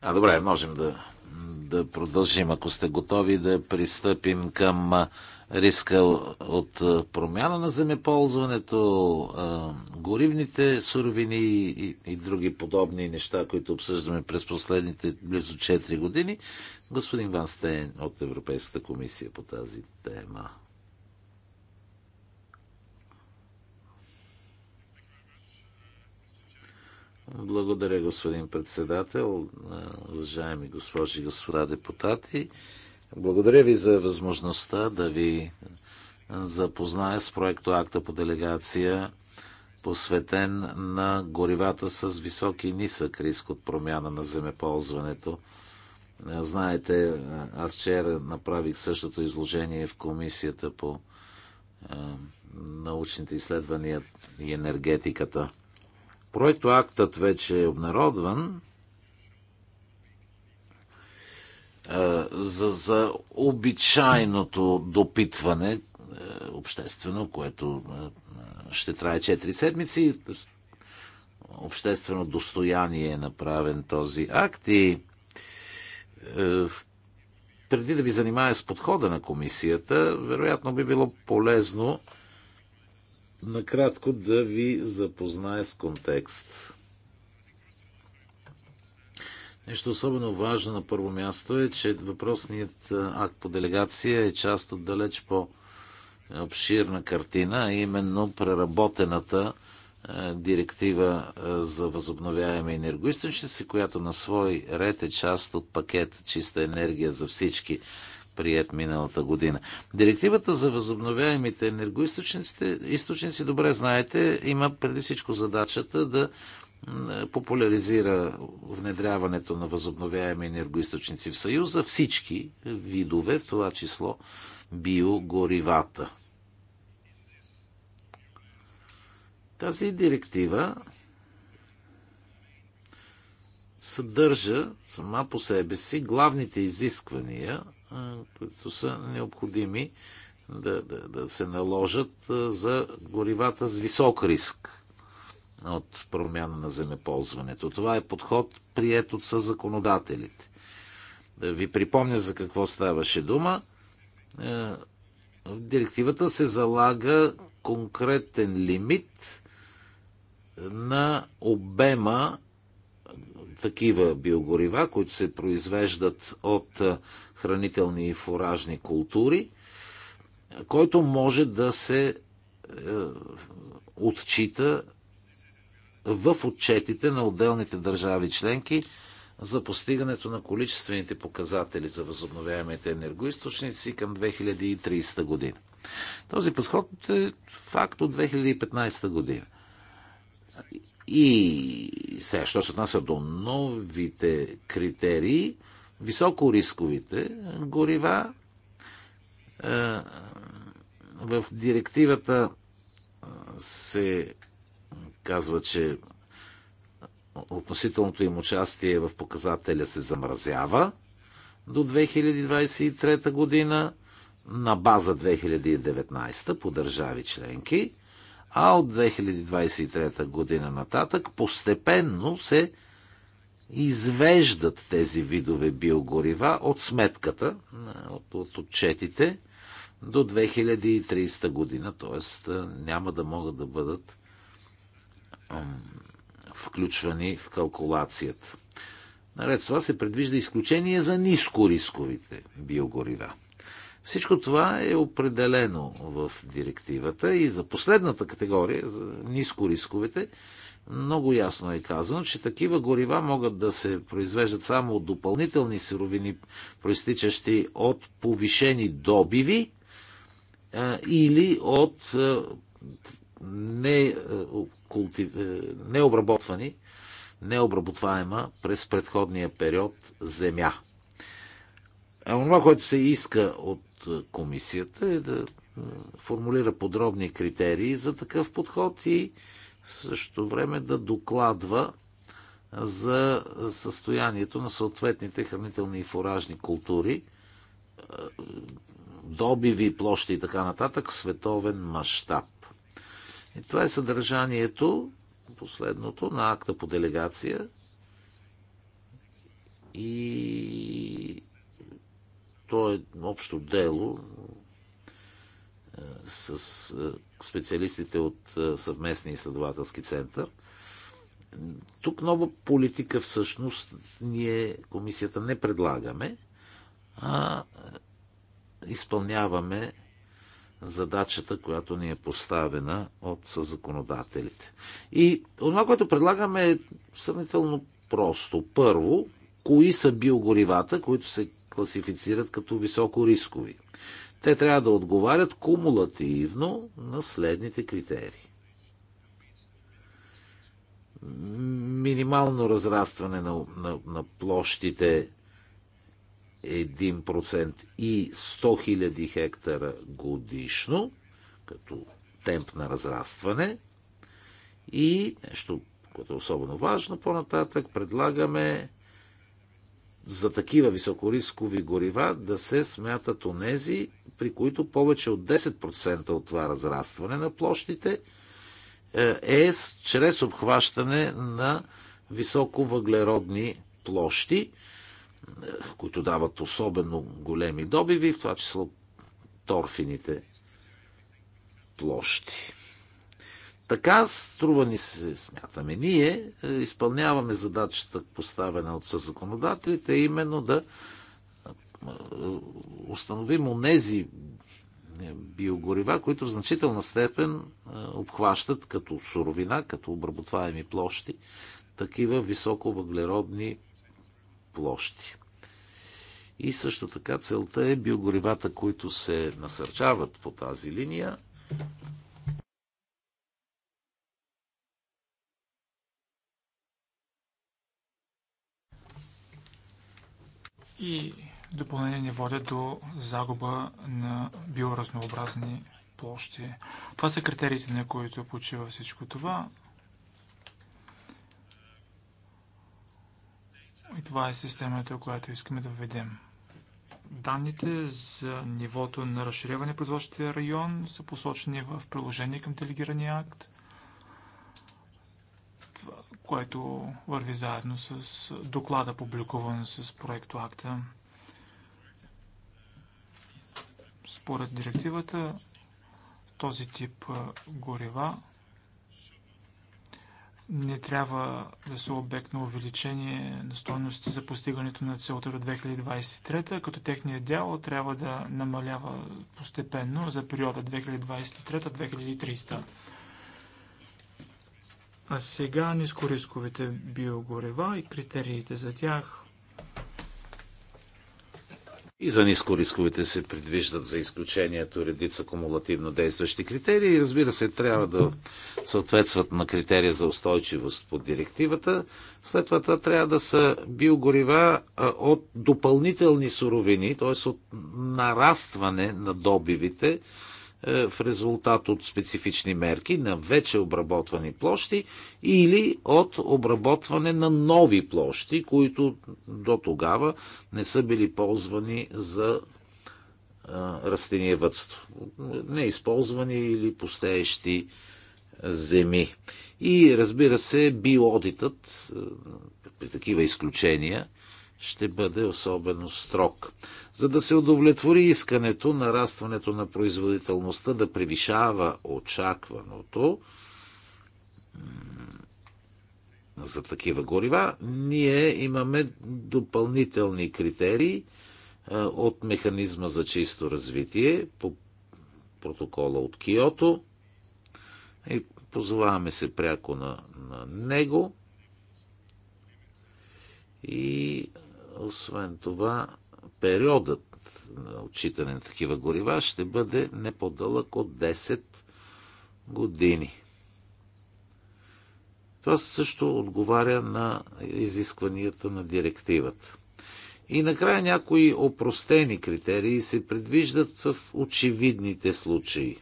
А, добре, можем да, да продължим, ако сте готови да пристъпим към риска от промяна на земеползването, горивните суровини и, и други подобни неща, които обсъждаме през последните близо 4 години. Господин Ван Стейн от Европейската комисия по тази тема. Благодаря, господин председател, уважаеми госпожи и господа депутати. Благодаря ви за възможността да ви запозная с проекто акта по делегация, посветен на горивата с висок и нисък риск от промяна на земеползването. Знаете, аз вчера направих същото изложение в комисията по научните изследвания и енергетиката. Проектоактът вече е обнародван. За, за обичайното допитване, обществено, което ще трае 4 седмици. Обществено достояние е направен този акт и преди да ви занимая с подхода на комисията, вероятно би било полезно накратко да ви запозная с контекст. Нещо особено важно на първо място е, че въпросният акт по делегация е част от далеч по обширна картина, а именно преработената е, директива е, за възобновяеми енергоисточници, която на свой ред е част от пакет чиста енергия за всички – прият миналата година. Директивата за възобновяемите енергоисточници, източници, добре знаете, има преди всичко задачата да популяризира внедряването на възобновяеми енергоисточници в Съюза, всички видове, в това число биогоривата. Тази директива съдържа сама по себе си главните изисквания които са необходими да, да, да се наложат за горивата с висок риск от промяна на земеползването. Това е подход, прият от законодателите. Да ви припомня за какво ставаше дума. Е, в директивата се залага конкретен лимит на обема такива биогорива, които се произвеждат от е, хранителни и фуражни култури, който може да се е, отчита в отчетите на отделните държави членки за постигането на количествените показатели за възобновяемите енергоисточници към 2030 година. Този подход е факт от 2015 година. И сега, що се отнася до новите критерии, високо рисковите горива е, в директивата е, се казва, че относителното им участие в показателя се замразява до 2023 година на база 2019 по държави членки, а от 2023 година нататък постепенно се извеждат тези видове биогорива от сметката, от, от отчетите до 2030 година, т.е. няма да могат да бъдат включвани в калкулацията. Наред с това се предвижда изключение за нискорисковите биогорива. Всичко това е определено в директивата и за последната категория, за нискорисковите, много ясно е казано, че такива горива могат да се произвеждат само от допълнителни сировини, проистичащи от повишени добиви или от не, култив... необработвани, необработваема през предходния период земя. А това, което се иска от комисията е да формулира подробни критерии за такъв подход и също време да докладва за състоянието на съответните хранителни и фуражни култури, е, добиви, площи и така нататък, световен мащаб. И това е съдържанието, последното, на акта по делегация и то е общо дело, с специалистите от съвместния изследователски център. Тук нова политика всъщност ние, комисията, не предлагаме, а изпълняваме задачата, която ни е поставена от законодателите. И това, което предлагаме е сравнително просто. Първо, кои са биогоривата, които се класифицират като високо рискови? Те трябва да отговарят кумулативно на следните критерии. Минимално разрастване на, на, на площите 1% и 100 000 хектара годишно, като темп на разрастване. И нещо, което е особено важно, по-нататък предлагаме за такива високорискови горива да се смятат онези, при които повече от 10% от това разрастване на площите е, е чрез обхващане на високовъглеродни площи, е, които дават особено големи добиви, в това число торфините площи. Така, струва ни се, смятаме ние, е, изпълняваме задачата поставена от съзаконодателите, е именно да е, установим онези биогорива, които в значителна степен обхващат като суровина, като обработваеми площи, такива високовъглеродни площи. И също така целта е биогоривата, които се насърчават по тази линия, и допълнение не водят до загуба на биоразнообразни площи. Това са критериите, на които почива всичко това. И това е системата, която искаме да введем. Данните за нивото на разширяване на производствения район са посочени в приложение към делегирания акт което върви заедно с доклада, публикуван с акта. Според директивата, този тип горива не трябва да са обект на увеличение на стойностите за постигането на целта до 2023, като техният дял трябва да намалява постепенно за периода 2023-2030. А сега нискорисковите биогорева и критериите за тях. И за нискорисковите се предвиждат за изключението редица кумулативно действащи критерии. Разбира се, трябва да съответстват на критерия за устойчивост по директивата. След това, трябва да са биогорива от допълнителни суровини, т.е. от нарастване на добивите е, в резултат от специфични мерки на вече обработвани площи или от обработване на нови площи, които до тогава не са били ползвани за е, растениевътство. Неизползвани или постеещи земи. И разбира се, биодитът е, при такива изключения – ще бъде особено строг. За да се удовлетвори искането, нарастването на производителността да превишава очакваното за такива горива, ние имаме допълнителни критерии от механизма за чисто развитие по протокола от Киото и позоваваме се пряко на, на него и освен това, периодът на отчитане на такива горива ще бъде не по-дълъг от 10 години. Това също отговаря на изискванията на директивата. И накрая някои опростени критерии се предвиждат в очевидните случаи.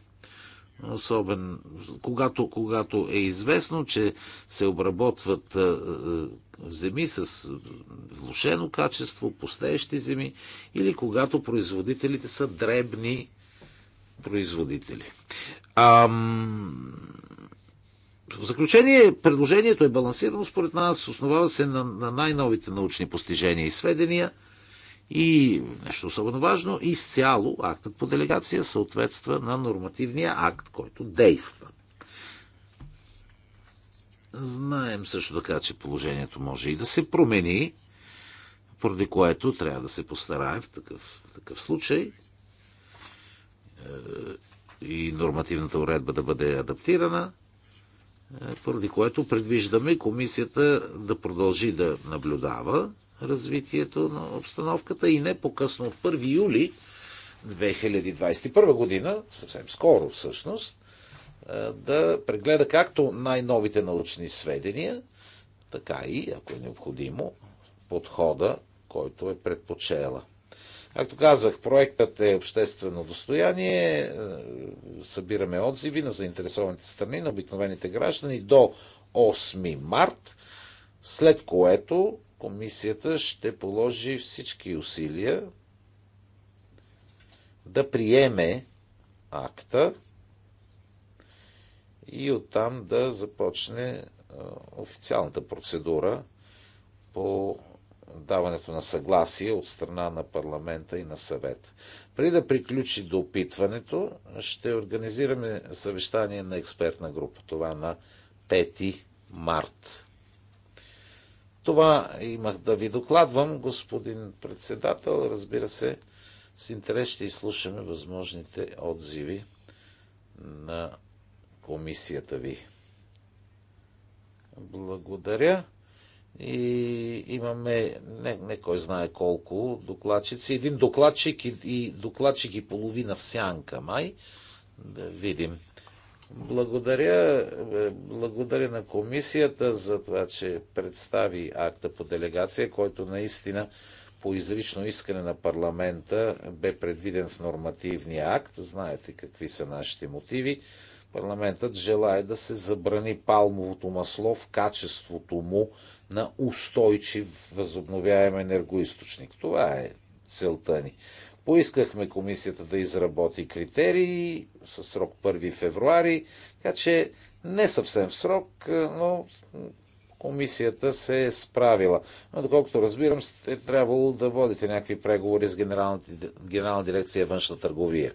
Особено когато, когато е известно, че се обработват е, е, земи с влушено качество, пустеещи земи или когато производителите са дребни производители. Ам... В заключение, предложението е балансирано според нас, основава се на, на най-новите научни постижения и сведения и, нещо особено важно, изцяло актът по делегация съответства на нормативния акт, който действа. Знаем също така, че положението може и да се промени, поради което трябва да се постараем в такъв, в такъв случай е, и нормативната уредба да бъде адаптирана, е, поради което предвиждаме комисията да продължи да наблюдава развитието на обстановката и не по-късно от 1 юли 2021 година, съвсем скоро всъщност, е, да прегледа както най-новите научни сведения, така и, ако е необходимо, подхода, който е предпочела. Както казах, проектът е обществено достояние, е, събираме отзиви на заинтересованите страни, на обикновените граждани до 8 март, след което комисията ще положи всички усилия да приеме акта и оттам да започне официалната процедура по даването на съгласие от страна на парламента и на съвет. Преди да приключи допитването, ще организираме съвещание на експертна група. Това на 5 март. Това имах да ви докладвам, господин председател. Разбира се, с интерес ще изслушаме възможните отзиви на комисията ви. Благодаря. И имаме не, не кой знае колко докладчици. Един докладчик и, и докладчик и половина в сянка, май. Да видим. Благодаря, е, благодаря на комисията за това, че представи акта по делегация, който наистина по изрично искане на парламента бе предвиден в нормативния акт. Знаете какви са нашите мотиви. Парламентът желая да се забрани палмовото масло в качеството му на устойчив възобновяем енергоисточник. Това е целта ни. Поискахме комисията да изработи критерии със срок 1 февруари, така че не съвсем в срок, но комисията се е справила. Но доколкото разбирам, е трябвало да водите някакви преговори с Генерална дирекция външна търговия.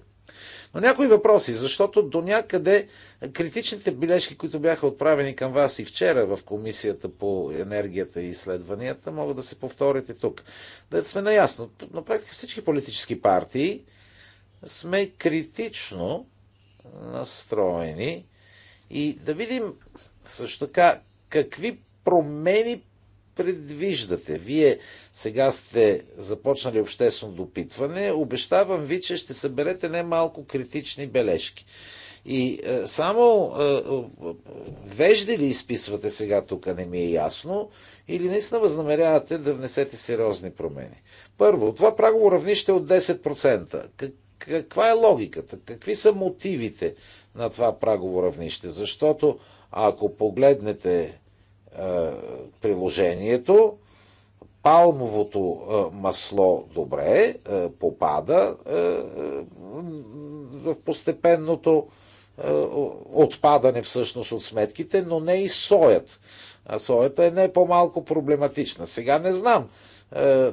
Но някои въпроси, защото до някъде критичните бележки, които бяха отправени към вас и вчера в Комисията по енергията и изследванията, могат да се повторят и тук. Да сме наясно, на практика всички политически партии сме критично настроени и да видим също така какви промени предвиждате? Вие сега сте започнали обществено допитване, обещавам ви, че ще съберете немалко критични бележки. И е, само е, е, вежди ли изписвате сега тук, не ми е ясно, или наистина възнамерявате да внесете сериозни промени? Първо, това прагово равнище е от 10%. Как, каква е логиката? Какви са мотивите на това прагово равнище? Защото ако погледнете е, приложението. Палмовото е, масло добре е, попада в постепенното отпадане всъщност от сметките, но не и соят. А соята е не по-малко проблематична. Сега не знам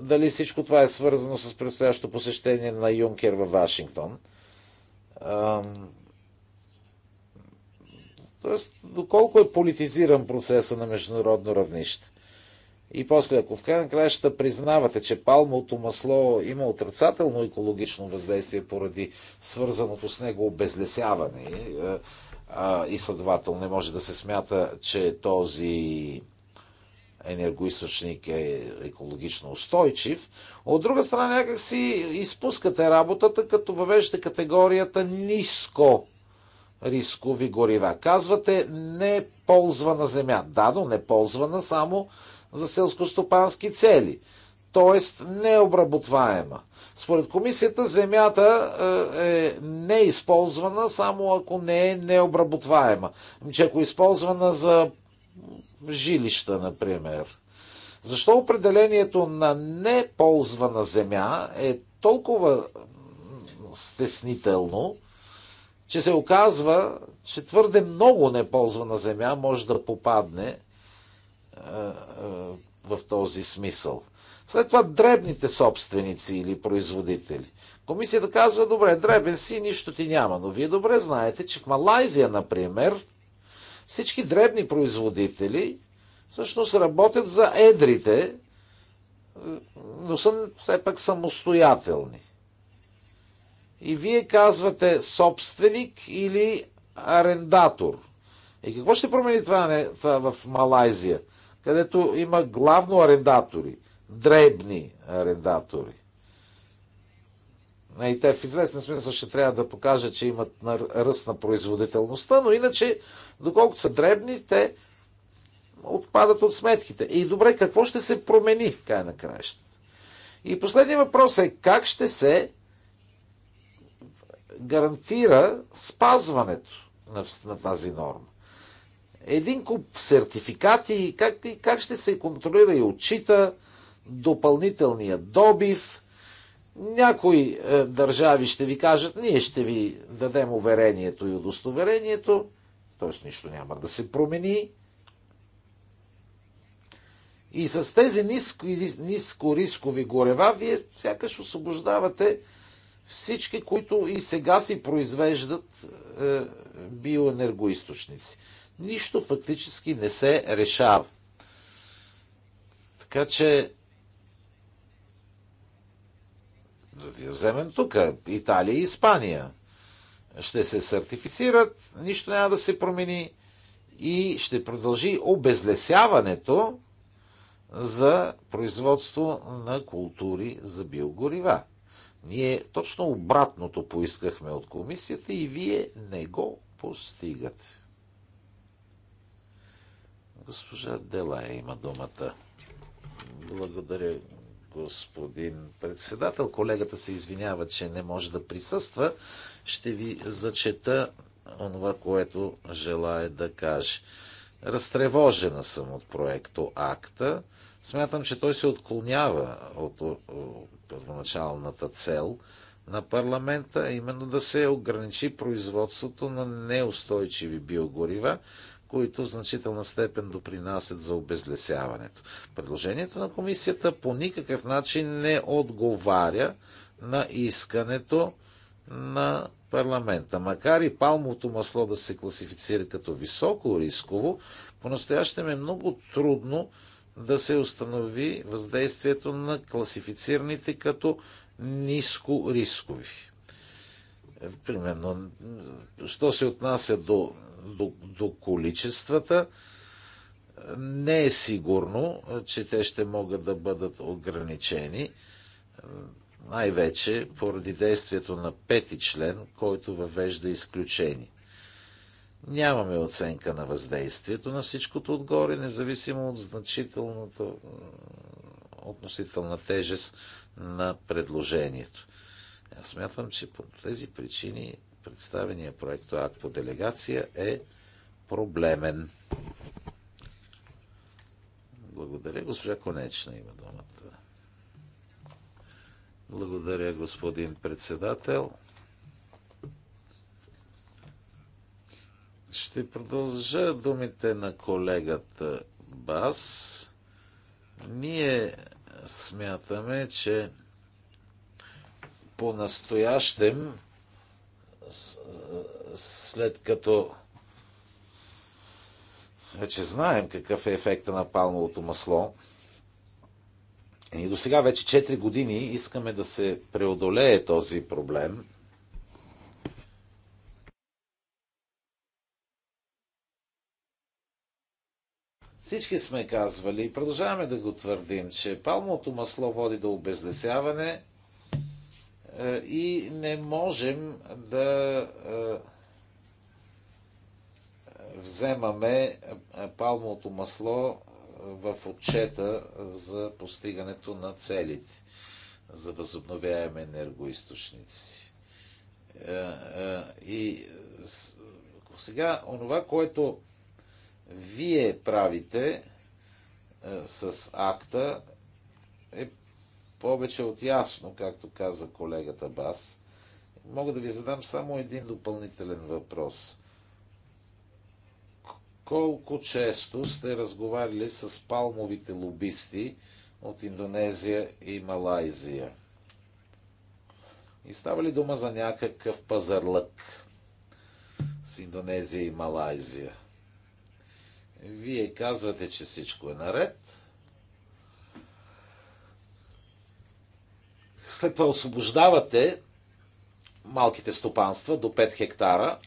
дали всичко това е свързано с предстоящото посещение на Юнкер във Вашингтон. Тоест, доколко е политизиран процеса на международно равнище. И после, ако в крайна краища признавате, че палмовото масло има отрицателно екологично въздействие поради свързаното с него обезлесяване е, и следователно не може да се смята, че този енергоисточник е екологично устойчив. От друга страна, някак си изпускате работата, като въвеждате категорията ниско рискови горива. Казвате, не е ползвана земя. Да, но не е ползвана само за селскостопански цели. Тоест необработваема. Според комисията земята е, е неизползвана само ако не е необработваема. Ами, че ако е използвана за жилища, например. Защо определението на неползвана земя е толкова стеснително, че се оказва, че твърде много неползвана земя може да попадне е, е, в този смисъл. След това дребните собственици или производители. Комисията казва, добре, дребен си, нищо ти няма, но вие добре знаете, че в Малайзия, например, всички дребни производители всъщност работят за едрите, но са все пак самостоятелни. И вие казвате собственик или арендатор. И какво ще промени това, не, това в Малайзия, където има главно арендатори, дребни арендатори? И те в известен смисъл ще трябва да покажат, че имат ръст на производителността, но иначе, доколкото са дребни, те отпадат от сметките. И добре, какво ще се промени, край на краищата? И последният въпрос е, как ще се гарантира спазването на, на тази норма. Един куп сертификати, как, как ще се контролира и отчита допълнителния добив. Някои е, държави ще ви кажат, ние ще ви дадем уверението и удостоверението, т.е. нищо няма да се промени. И с тези ниско, ниско рискови горева вие сякаш освобождавате всички, които и сега си произвеждат е, биоенергоисточници. Нищо фактически не се решава. Така че да вземем тук Италия и Испания. Ще се сертифицират, нищо няма да се промени и ще продължи обезлесяването за производство на култури за биогорива. Ние точно обратното поискахме от комисията и вие не го постигате. Госпожа Делая има думата. Благодаря, господин председател. Колегата се извинява, че не може да присъства. Ще ви зачета онова, което желая да каже. Разтревожена съм от проекто акта. Смятам, че той се отклонява от първоначалната цел на парламента, а именно да се ограничи производството на неустойчиви биогорива, които в значителна степен допринасят за обезлесяването. Предложението на комисията по никакъв начин не отговаря на искането на парламента. Макар и палмовото масло да се класифицира като високо рисково, по-настоящем е много трудно да се установи въздействието на класифицираните като ниско рискови. Примерно, що се отнася до, до, до количествата, не е сигурно, че те ще могат да бъдат ограничени, най-вече поради действието на пети член, който въвежда изключение. Нямаме оценка на въздействието на всичкото отгоре, независимо от значителната относителна тежест на предложението. Аз смятам, че по тези причини представения проект акт по делегация е проблемен. Благодаря. Госпожа Конечна има думата. Благодаря, господин председател. Ще продължа думите на колегата Бас. Ние смятаме, че по-настоящем, след като вече знаем какъв е ефекта на палмовото масло, и до сега вече 4 години искаме да се преодолее този проблем Всички сме казвали и продължаваме да го твърдим, че палмото масло води до обезлесяване е, и не можем да е, вземаме е, палмовото масло в отчета за постигането на целите за възобновяеми енергоисточници. И сега, онова, което вие правите е, с акта е повече от ясно, както каза колегата Бас. Мога да ви задам само един допълнителен въпрос. Колко често сте разговаряли с палмовите лобисти от Индонезия и Малайзия? И става ли дума за някакъв пазарлък с Индонезия и Малайзия? Вие казвате, че всичко е наред. След това освобождавате малките стопанства до 5 хектара.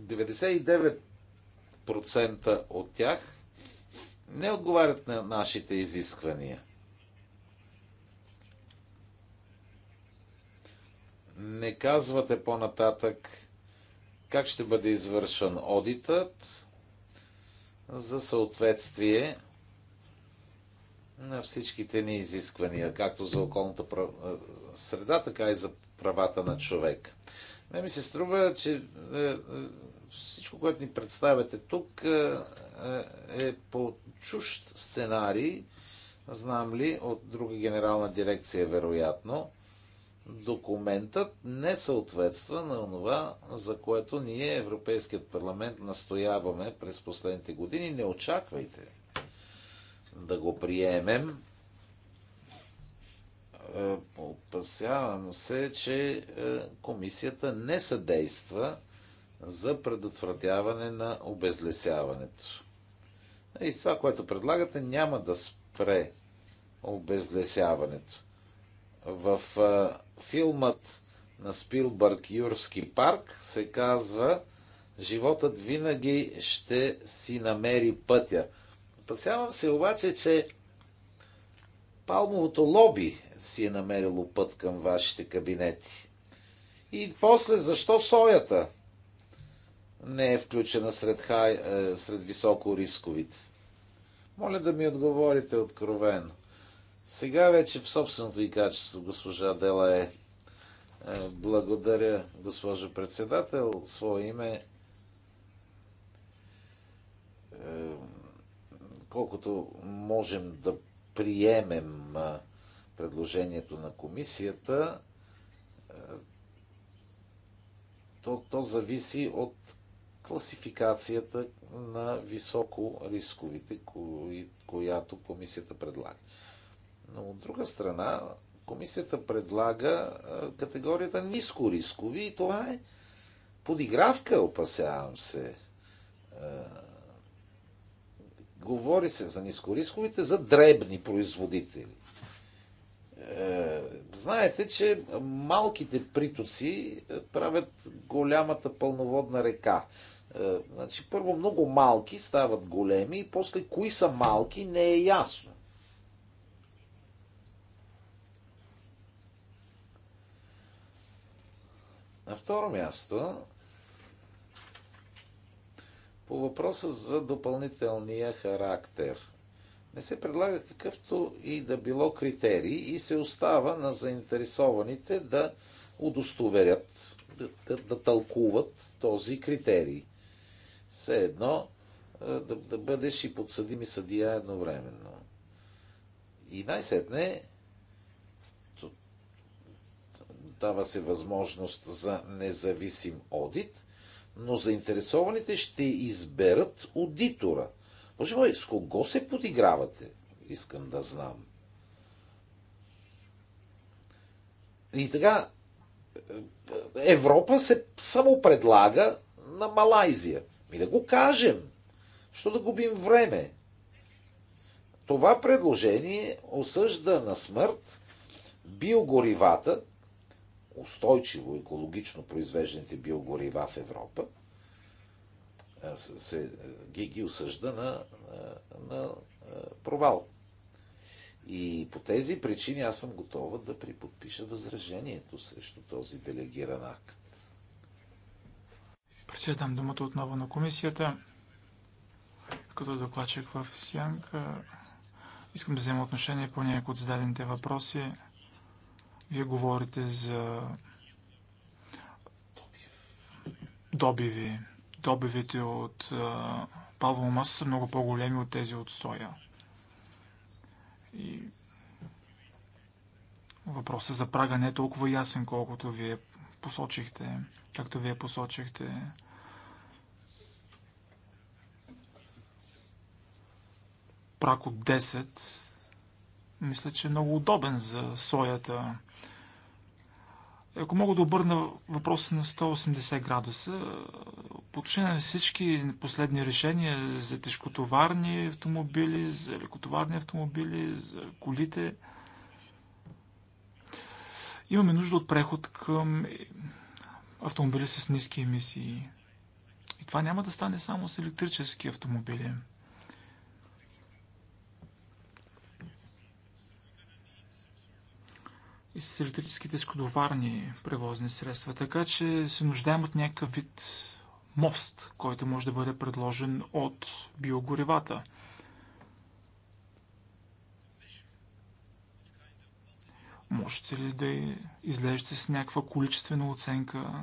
99% от тях не отговарят на нашите изисквания. Не казвате по-нататък, как ще бъде извършен одитът за съответствие на всичките ни изисквания, както за околната среда, така и за правата на човек. Не ми се струва, че е, е, всичко, което ни представяте тук, е, е по чужд сценарий, знам ли, от друга генерална дирекция, вероятно документът не съответства на това, за което ние, Европейският парламент, настояваме през последните години. Не очаквайте да го приемем. Е, опасявам се, че е, комисията не съдейства за предотвратяване на обезлесяването. И това, което предлагате, няма да спре обезлесяването. В филмът на Спилбърг Юрски парк се казва Животът винаги ще си намери пътя. Опасявам се обаче, че палмовото лоби си е намерило път към вашите кабинети. И после, защо соята не е включена сред, хай, е, сред високо рисковите? Моля да ми отговорите откровено. Сега вече в собственото и качество госпожа Дела е, е. Благодаря, госпожо председател. От свое име е, колкото можем да приемем предложението на комисията, е, то, то зависи от класификацията на високо рисковите, кои, която комисията предлага. Но от друга страна, комисията предлага категорията ниско рискови и това е подигравка, опасявам се. Говори се за нискорисковите, за дребни производители. Е, знаете, че малките притоци е, правят голямата пълноводна река. Е, значи, първо много малки стават големи и после кои са малки не е ясно. На второ място, по въпроса за допълнителния характер. Не се предлага какъвто и да било критерий и се остава на заинтересованите да удостоверят, да, да, да тълкуват този критерий. Все едно е, да, да бъдеш и подсъдим и съдия едновременно. И най-сетне Дава се възможност за независим одит, но заинтересованите ще изберат аудитора. Боже мой, с кого се подигравате? Искам да знам. И така, Европа се само предлага на Малайзия. Ми да го кажем. Що да губим време? Това предложение осъжда на смърт биогоривата, устойчиво екологично произвежданите биогорива в Европа, се, ги, ги осъжда на, на провал. И по тези причини аз съм готова да приподпиша възражението срещу този делегиран акт. Преди думата отново на комисията, като докладчик в Сянка, искам да взема отношение по някои от зададените въпроси. Вие говорите за добиви. Добивите от павлова маса са много по-големи от тези от соя. И въпросът за прага не е толкова ясен, колкото вие посочихте, както вие посочихте. Прак от 10 мисля, че е много удобен за соята. Ако мога да обърна въпроса на 180 градуса, по отношение на всички последни решения за тежкотоварни автомобили, за лекотоварни автомобили, за колите, имаме нужда от преход към автомобили с ниски емисии. И това няма да стане само с електрически автомобили. и с електрическите скодоварни превозни средства. Така че се нуждаем от някакъв вид мост, който може да бъде предложен от биогоревата. Можете ли да излезете с някаква количествена оценка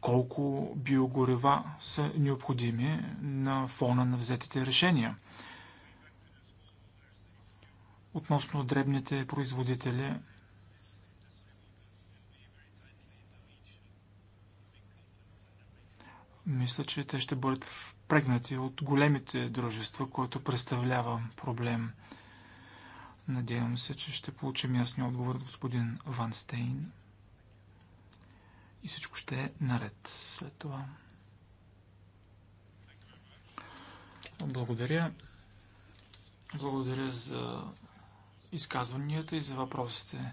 колко биогорева са необходими на фона на взетите решения? относно дребните производители. Мисля, че те ще бъдат впрегнати от големите дружества, което представлява проблем. Надявам се, че ще получим ясния отговор от господин Ван Стейн. И всичко ще е наред след това. Благодаря. Благодаря за изказванията и за въпросите.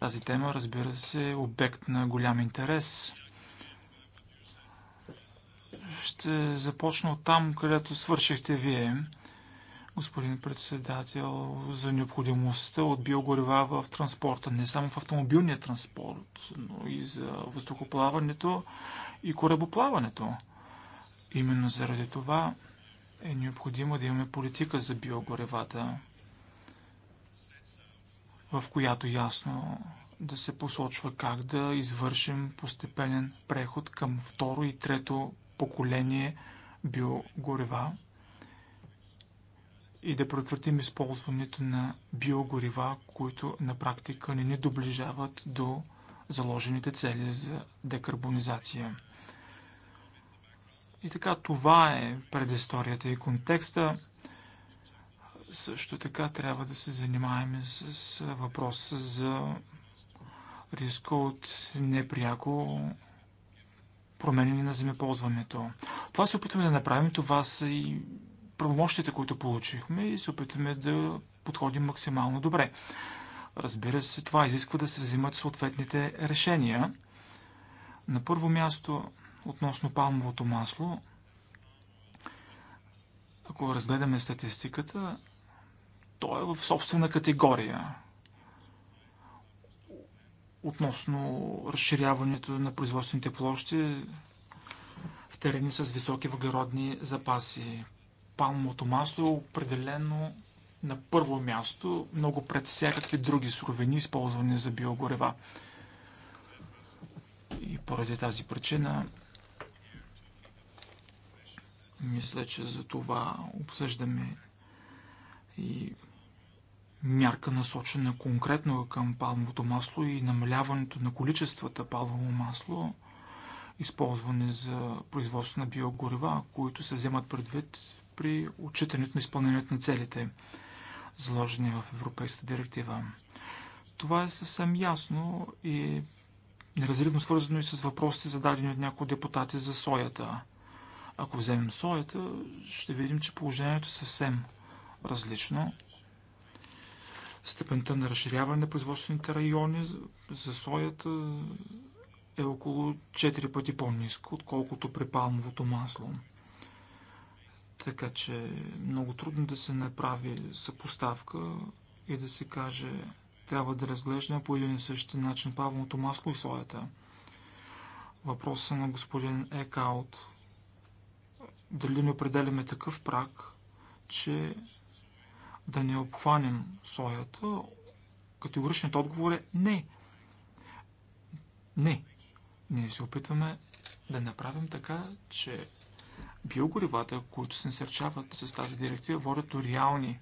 Тази тема, разбира се, е обект на голям интерес. Ще започна от там, където свършихте вие, господин председател, за необходимостта от биогорива в транспорта. Не само в автомобилния транспорт, но и за въздухоплаването и корабоплаването. Именно заради това е необходимо да имаме политика за биогоревата в която ясно да се посочва как да извършим постепенен преход към второ и трето поколение биогорива и да предотвратим използването на биогорива, които на практика не ни доближават до заложените цели за декарбонизация. И така, това е предисторията и контекста. Също така трябва да се занимаем с въпроса за риска от непряко променени на земеползването. Това се опитваме да направим, това са и правомощите, които получихме и се опитваме да подходим максимално добре. Разбира се, това изисква да се взимат съответните решения. На първо място, относно палмовото масло, ако разгледаме статистиката, той е в собствена категория относно разширяването на производствените площи в терени с високи въглеродни запаси. Палмовото масло е определено на първо място, много пред всякакви други суровини, използвани за биогорева. И поради тази причина мисля, че за това обсъждаме и мярка насочена конкретно към палмовото масло и намаляването на количествата палмово масло, използване за производство на биогорива, които се вземат предвид при отчитането на изпълнението на целите, заложени в Европейската директива. Това е съвсем ясно и неразривно свързано и с въпросите зададени от някои депутати за соята. Ако вземем соята, ще видим, че положението е съвсем различно – Степента на разширяване на производствените райони за соята е около 4 пъти по-ниско, отколкото при палмовото масло. Така че е много трудно да се направи съпоставка и да се каже трябва да разглеждаме по един и същи начин павното масло и соята. Въпроса на господин Екаут. Дали не определяме такъв прак, че да не обхванем соята, категоричният отговор е не. Не. Ние се опитваме да направим така, че биогоривата, които се насърчават с тази директива, водят до реални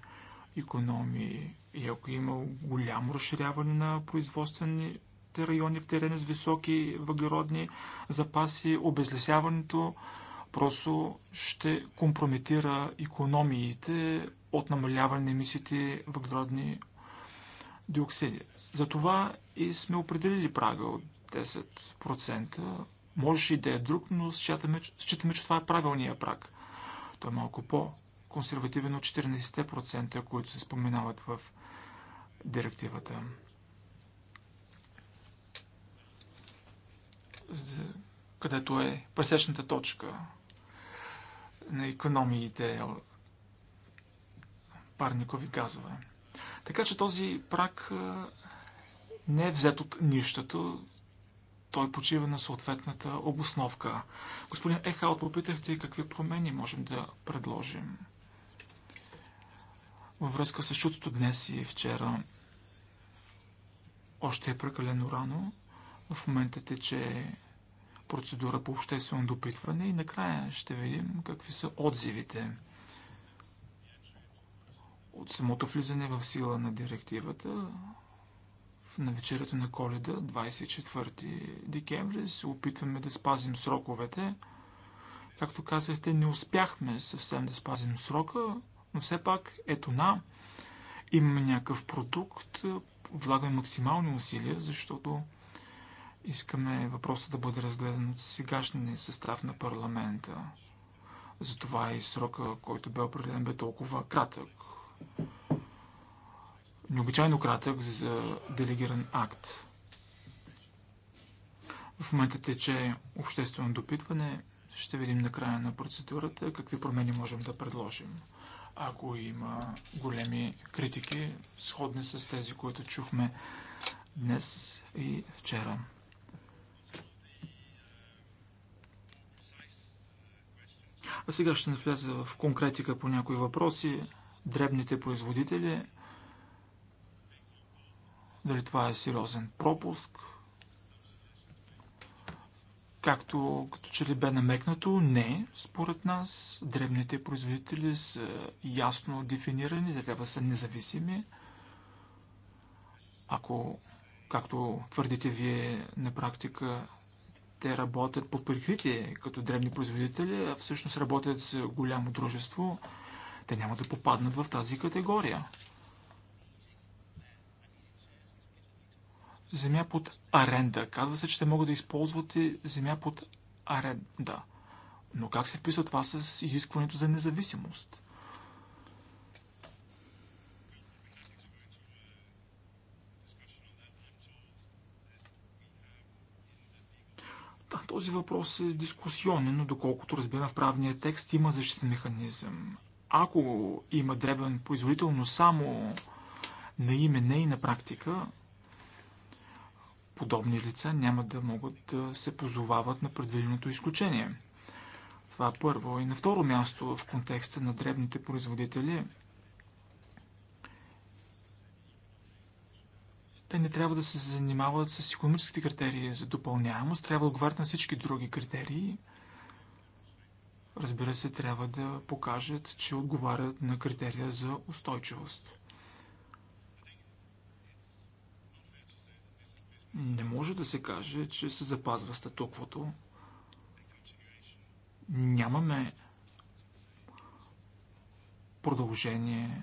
економии. И ако има голямо разширяване на производствените райони в терена с високи въглеродни запаси, обезлесяването просто ще компрометира економиите от намаляване на емисиите въглеродни диоксиди. Затова и сме определили прага от 10%. Можеше и да е друг, но считаме, считаме, че това е правилния праг. Той е малко по-консервативен от 14%, които се споменават в директивата. където е пресечната точка на економиите парникови газове. Така че този прак не е взет от нищото, той почива на съответната обосновка. Господин Ехал, попитахте какви промени можем да предложим във връзка с чутото днес и вчера. Още е прекалено рано. В момента тече процедура по обществено допитване и накрая ще видим какви са отзивите. От самото влизане в сила на директивата, на вечерята на коледа, 24 декември, се опитваме да спазим сроковете. Както казахте, не успяхме съвсем да спазим срока, но все пак, ето на, имаме някакъв продукт, влагаме максимални усилия, защото искаме въпросът да бъде разгледан от сегашния състав на парламента. Затова и срока, който бе определен, бе толкова кратък необичайно кратък за делегиран акт. В момента тече обществено допитване. Ще видим на края на процедурата какви промени можем да предложим. Ако има големи критики, сходни с тези, които чухме днес и вчера. А сега ще навляза в конкретика по някои въпроси дребните производители. Дали това е сериозен пропуск? Както като че ли бе намекнато, не, според нас. Дребните производители са ясно дефинирани, те трябва да са независими. Ако, както твърдите вие на практика, те работят под прикритие като дребни производители, а всъщност работят с голямо дружество – те няма да попаднат в тази категория. Земя под аренда. Казва се, че ще могат да използвате земя под аренда. Но как се вписва това с изискването за независимост? Да, този въпрос е дискусионен, но доколкото разбирам в правния текст има защитен механизъм. Ако има дребен производител, но само на име не и на практика, подобни лица няма да могат да се позовават на предвиденото изключение. Това е първо. И на второ място в контекста на дребните производители, те не трябва да се занимават с економическите критерии за допълняемост, трябва да отговарят на всички други критерии – разбира се, трябва да покажат, че отговарят на критерия за устойчивост. Не може да се каже, че се запазва статуквото. Нямаме продължение,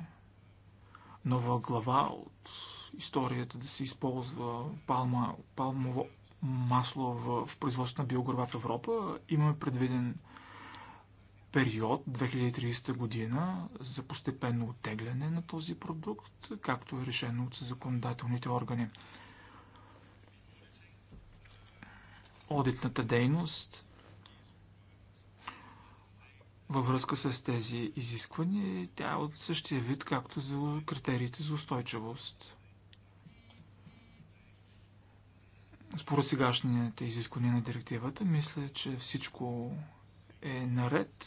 нова глава от историята да се използва палма, палмово масло в, в производство на биогорива в Европа. Имаме предвиден период 2030 година за постепенно оттегляне на този продукт, както е решено от законодателните органи. Одитната дейност във връзка с тези изисквания, тя е от същия вид, както за критериите за устойчивост. Според сегашните изисквания на директивата, мисля, че всичко е наред,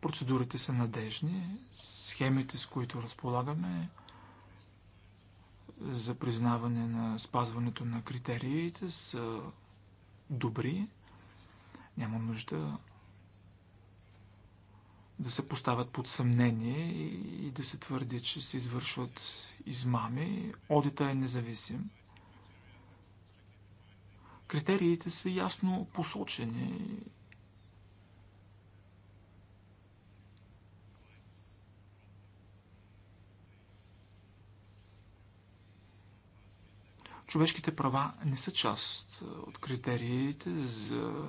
процедурите са надежни, схемите, с които разполагаме за признаване на спазването на критериите са добри. Няма нужда да се поставят под съмнение и да се твърди, че се извършват измами. Одита е независим. Критериите са ясно посочени. Човешките права не са част от критериите за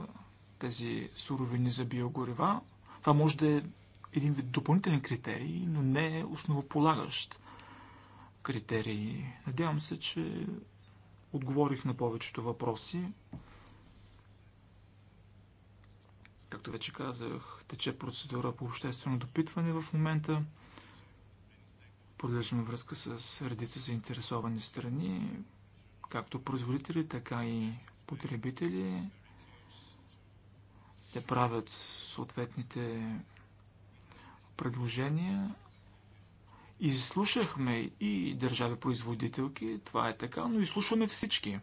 тези суровини за биогорива. Това може да е един вид допълнителен критерий, но не е основополагащ критерий. Надявам се, че Отговорих на повечето въпроси. Както вече казах, тече процедура по обществено допитване в момента. Подлежим връзка с редица заинтересовани страни, както производители, така и потребители. Те правят съответните предложения. Изслушахме и държави производителки, това е така, но изслушваме всички.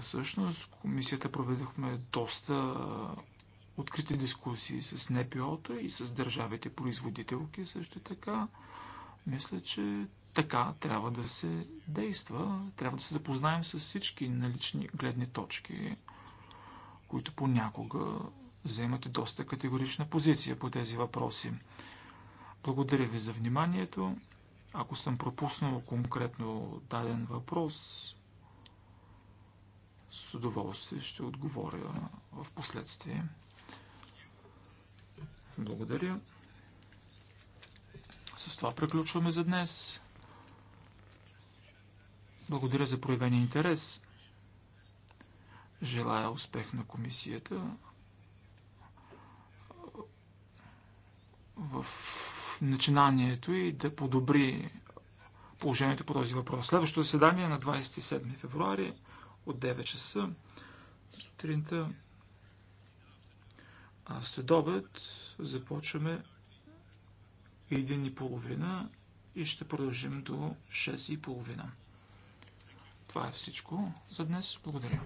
Всъщност, комисията проведохме доста открити дискусии с НПО-та и с държавите производителки също така. Мисля, че така трябва да се действа. Трябва да се запознаем с всички налични гледни точки, които понякога вземат доста категорична позиция по тези въпроси. Благодаря ви за вниманието. Ако съм пропуснал конкретно даден въпрос, с удоволствие ще отговоря в последствие. Благодаря. С това приключваме за днес. Благодаря за проявения интерес. Желая успех на комисията в начинанието и да подобри положението по този въпрос. Следващото заседание е на 27 февруари от 9 часа сутринта. А след обед започваме 1.30 и ще продължим до 6.30. Това е всичко за днес. Благодаря.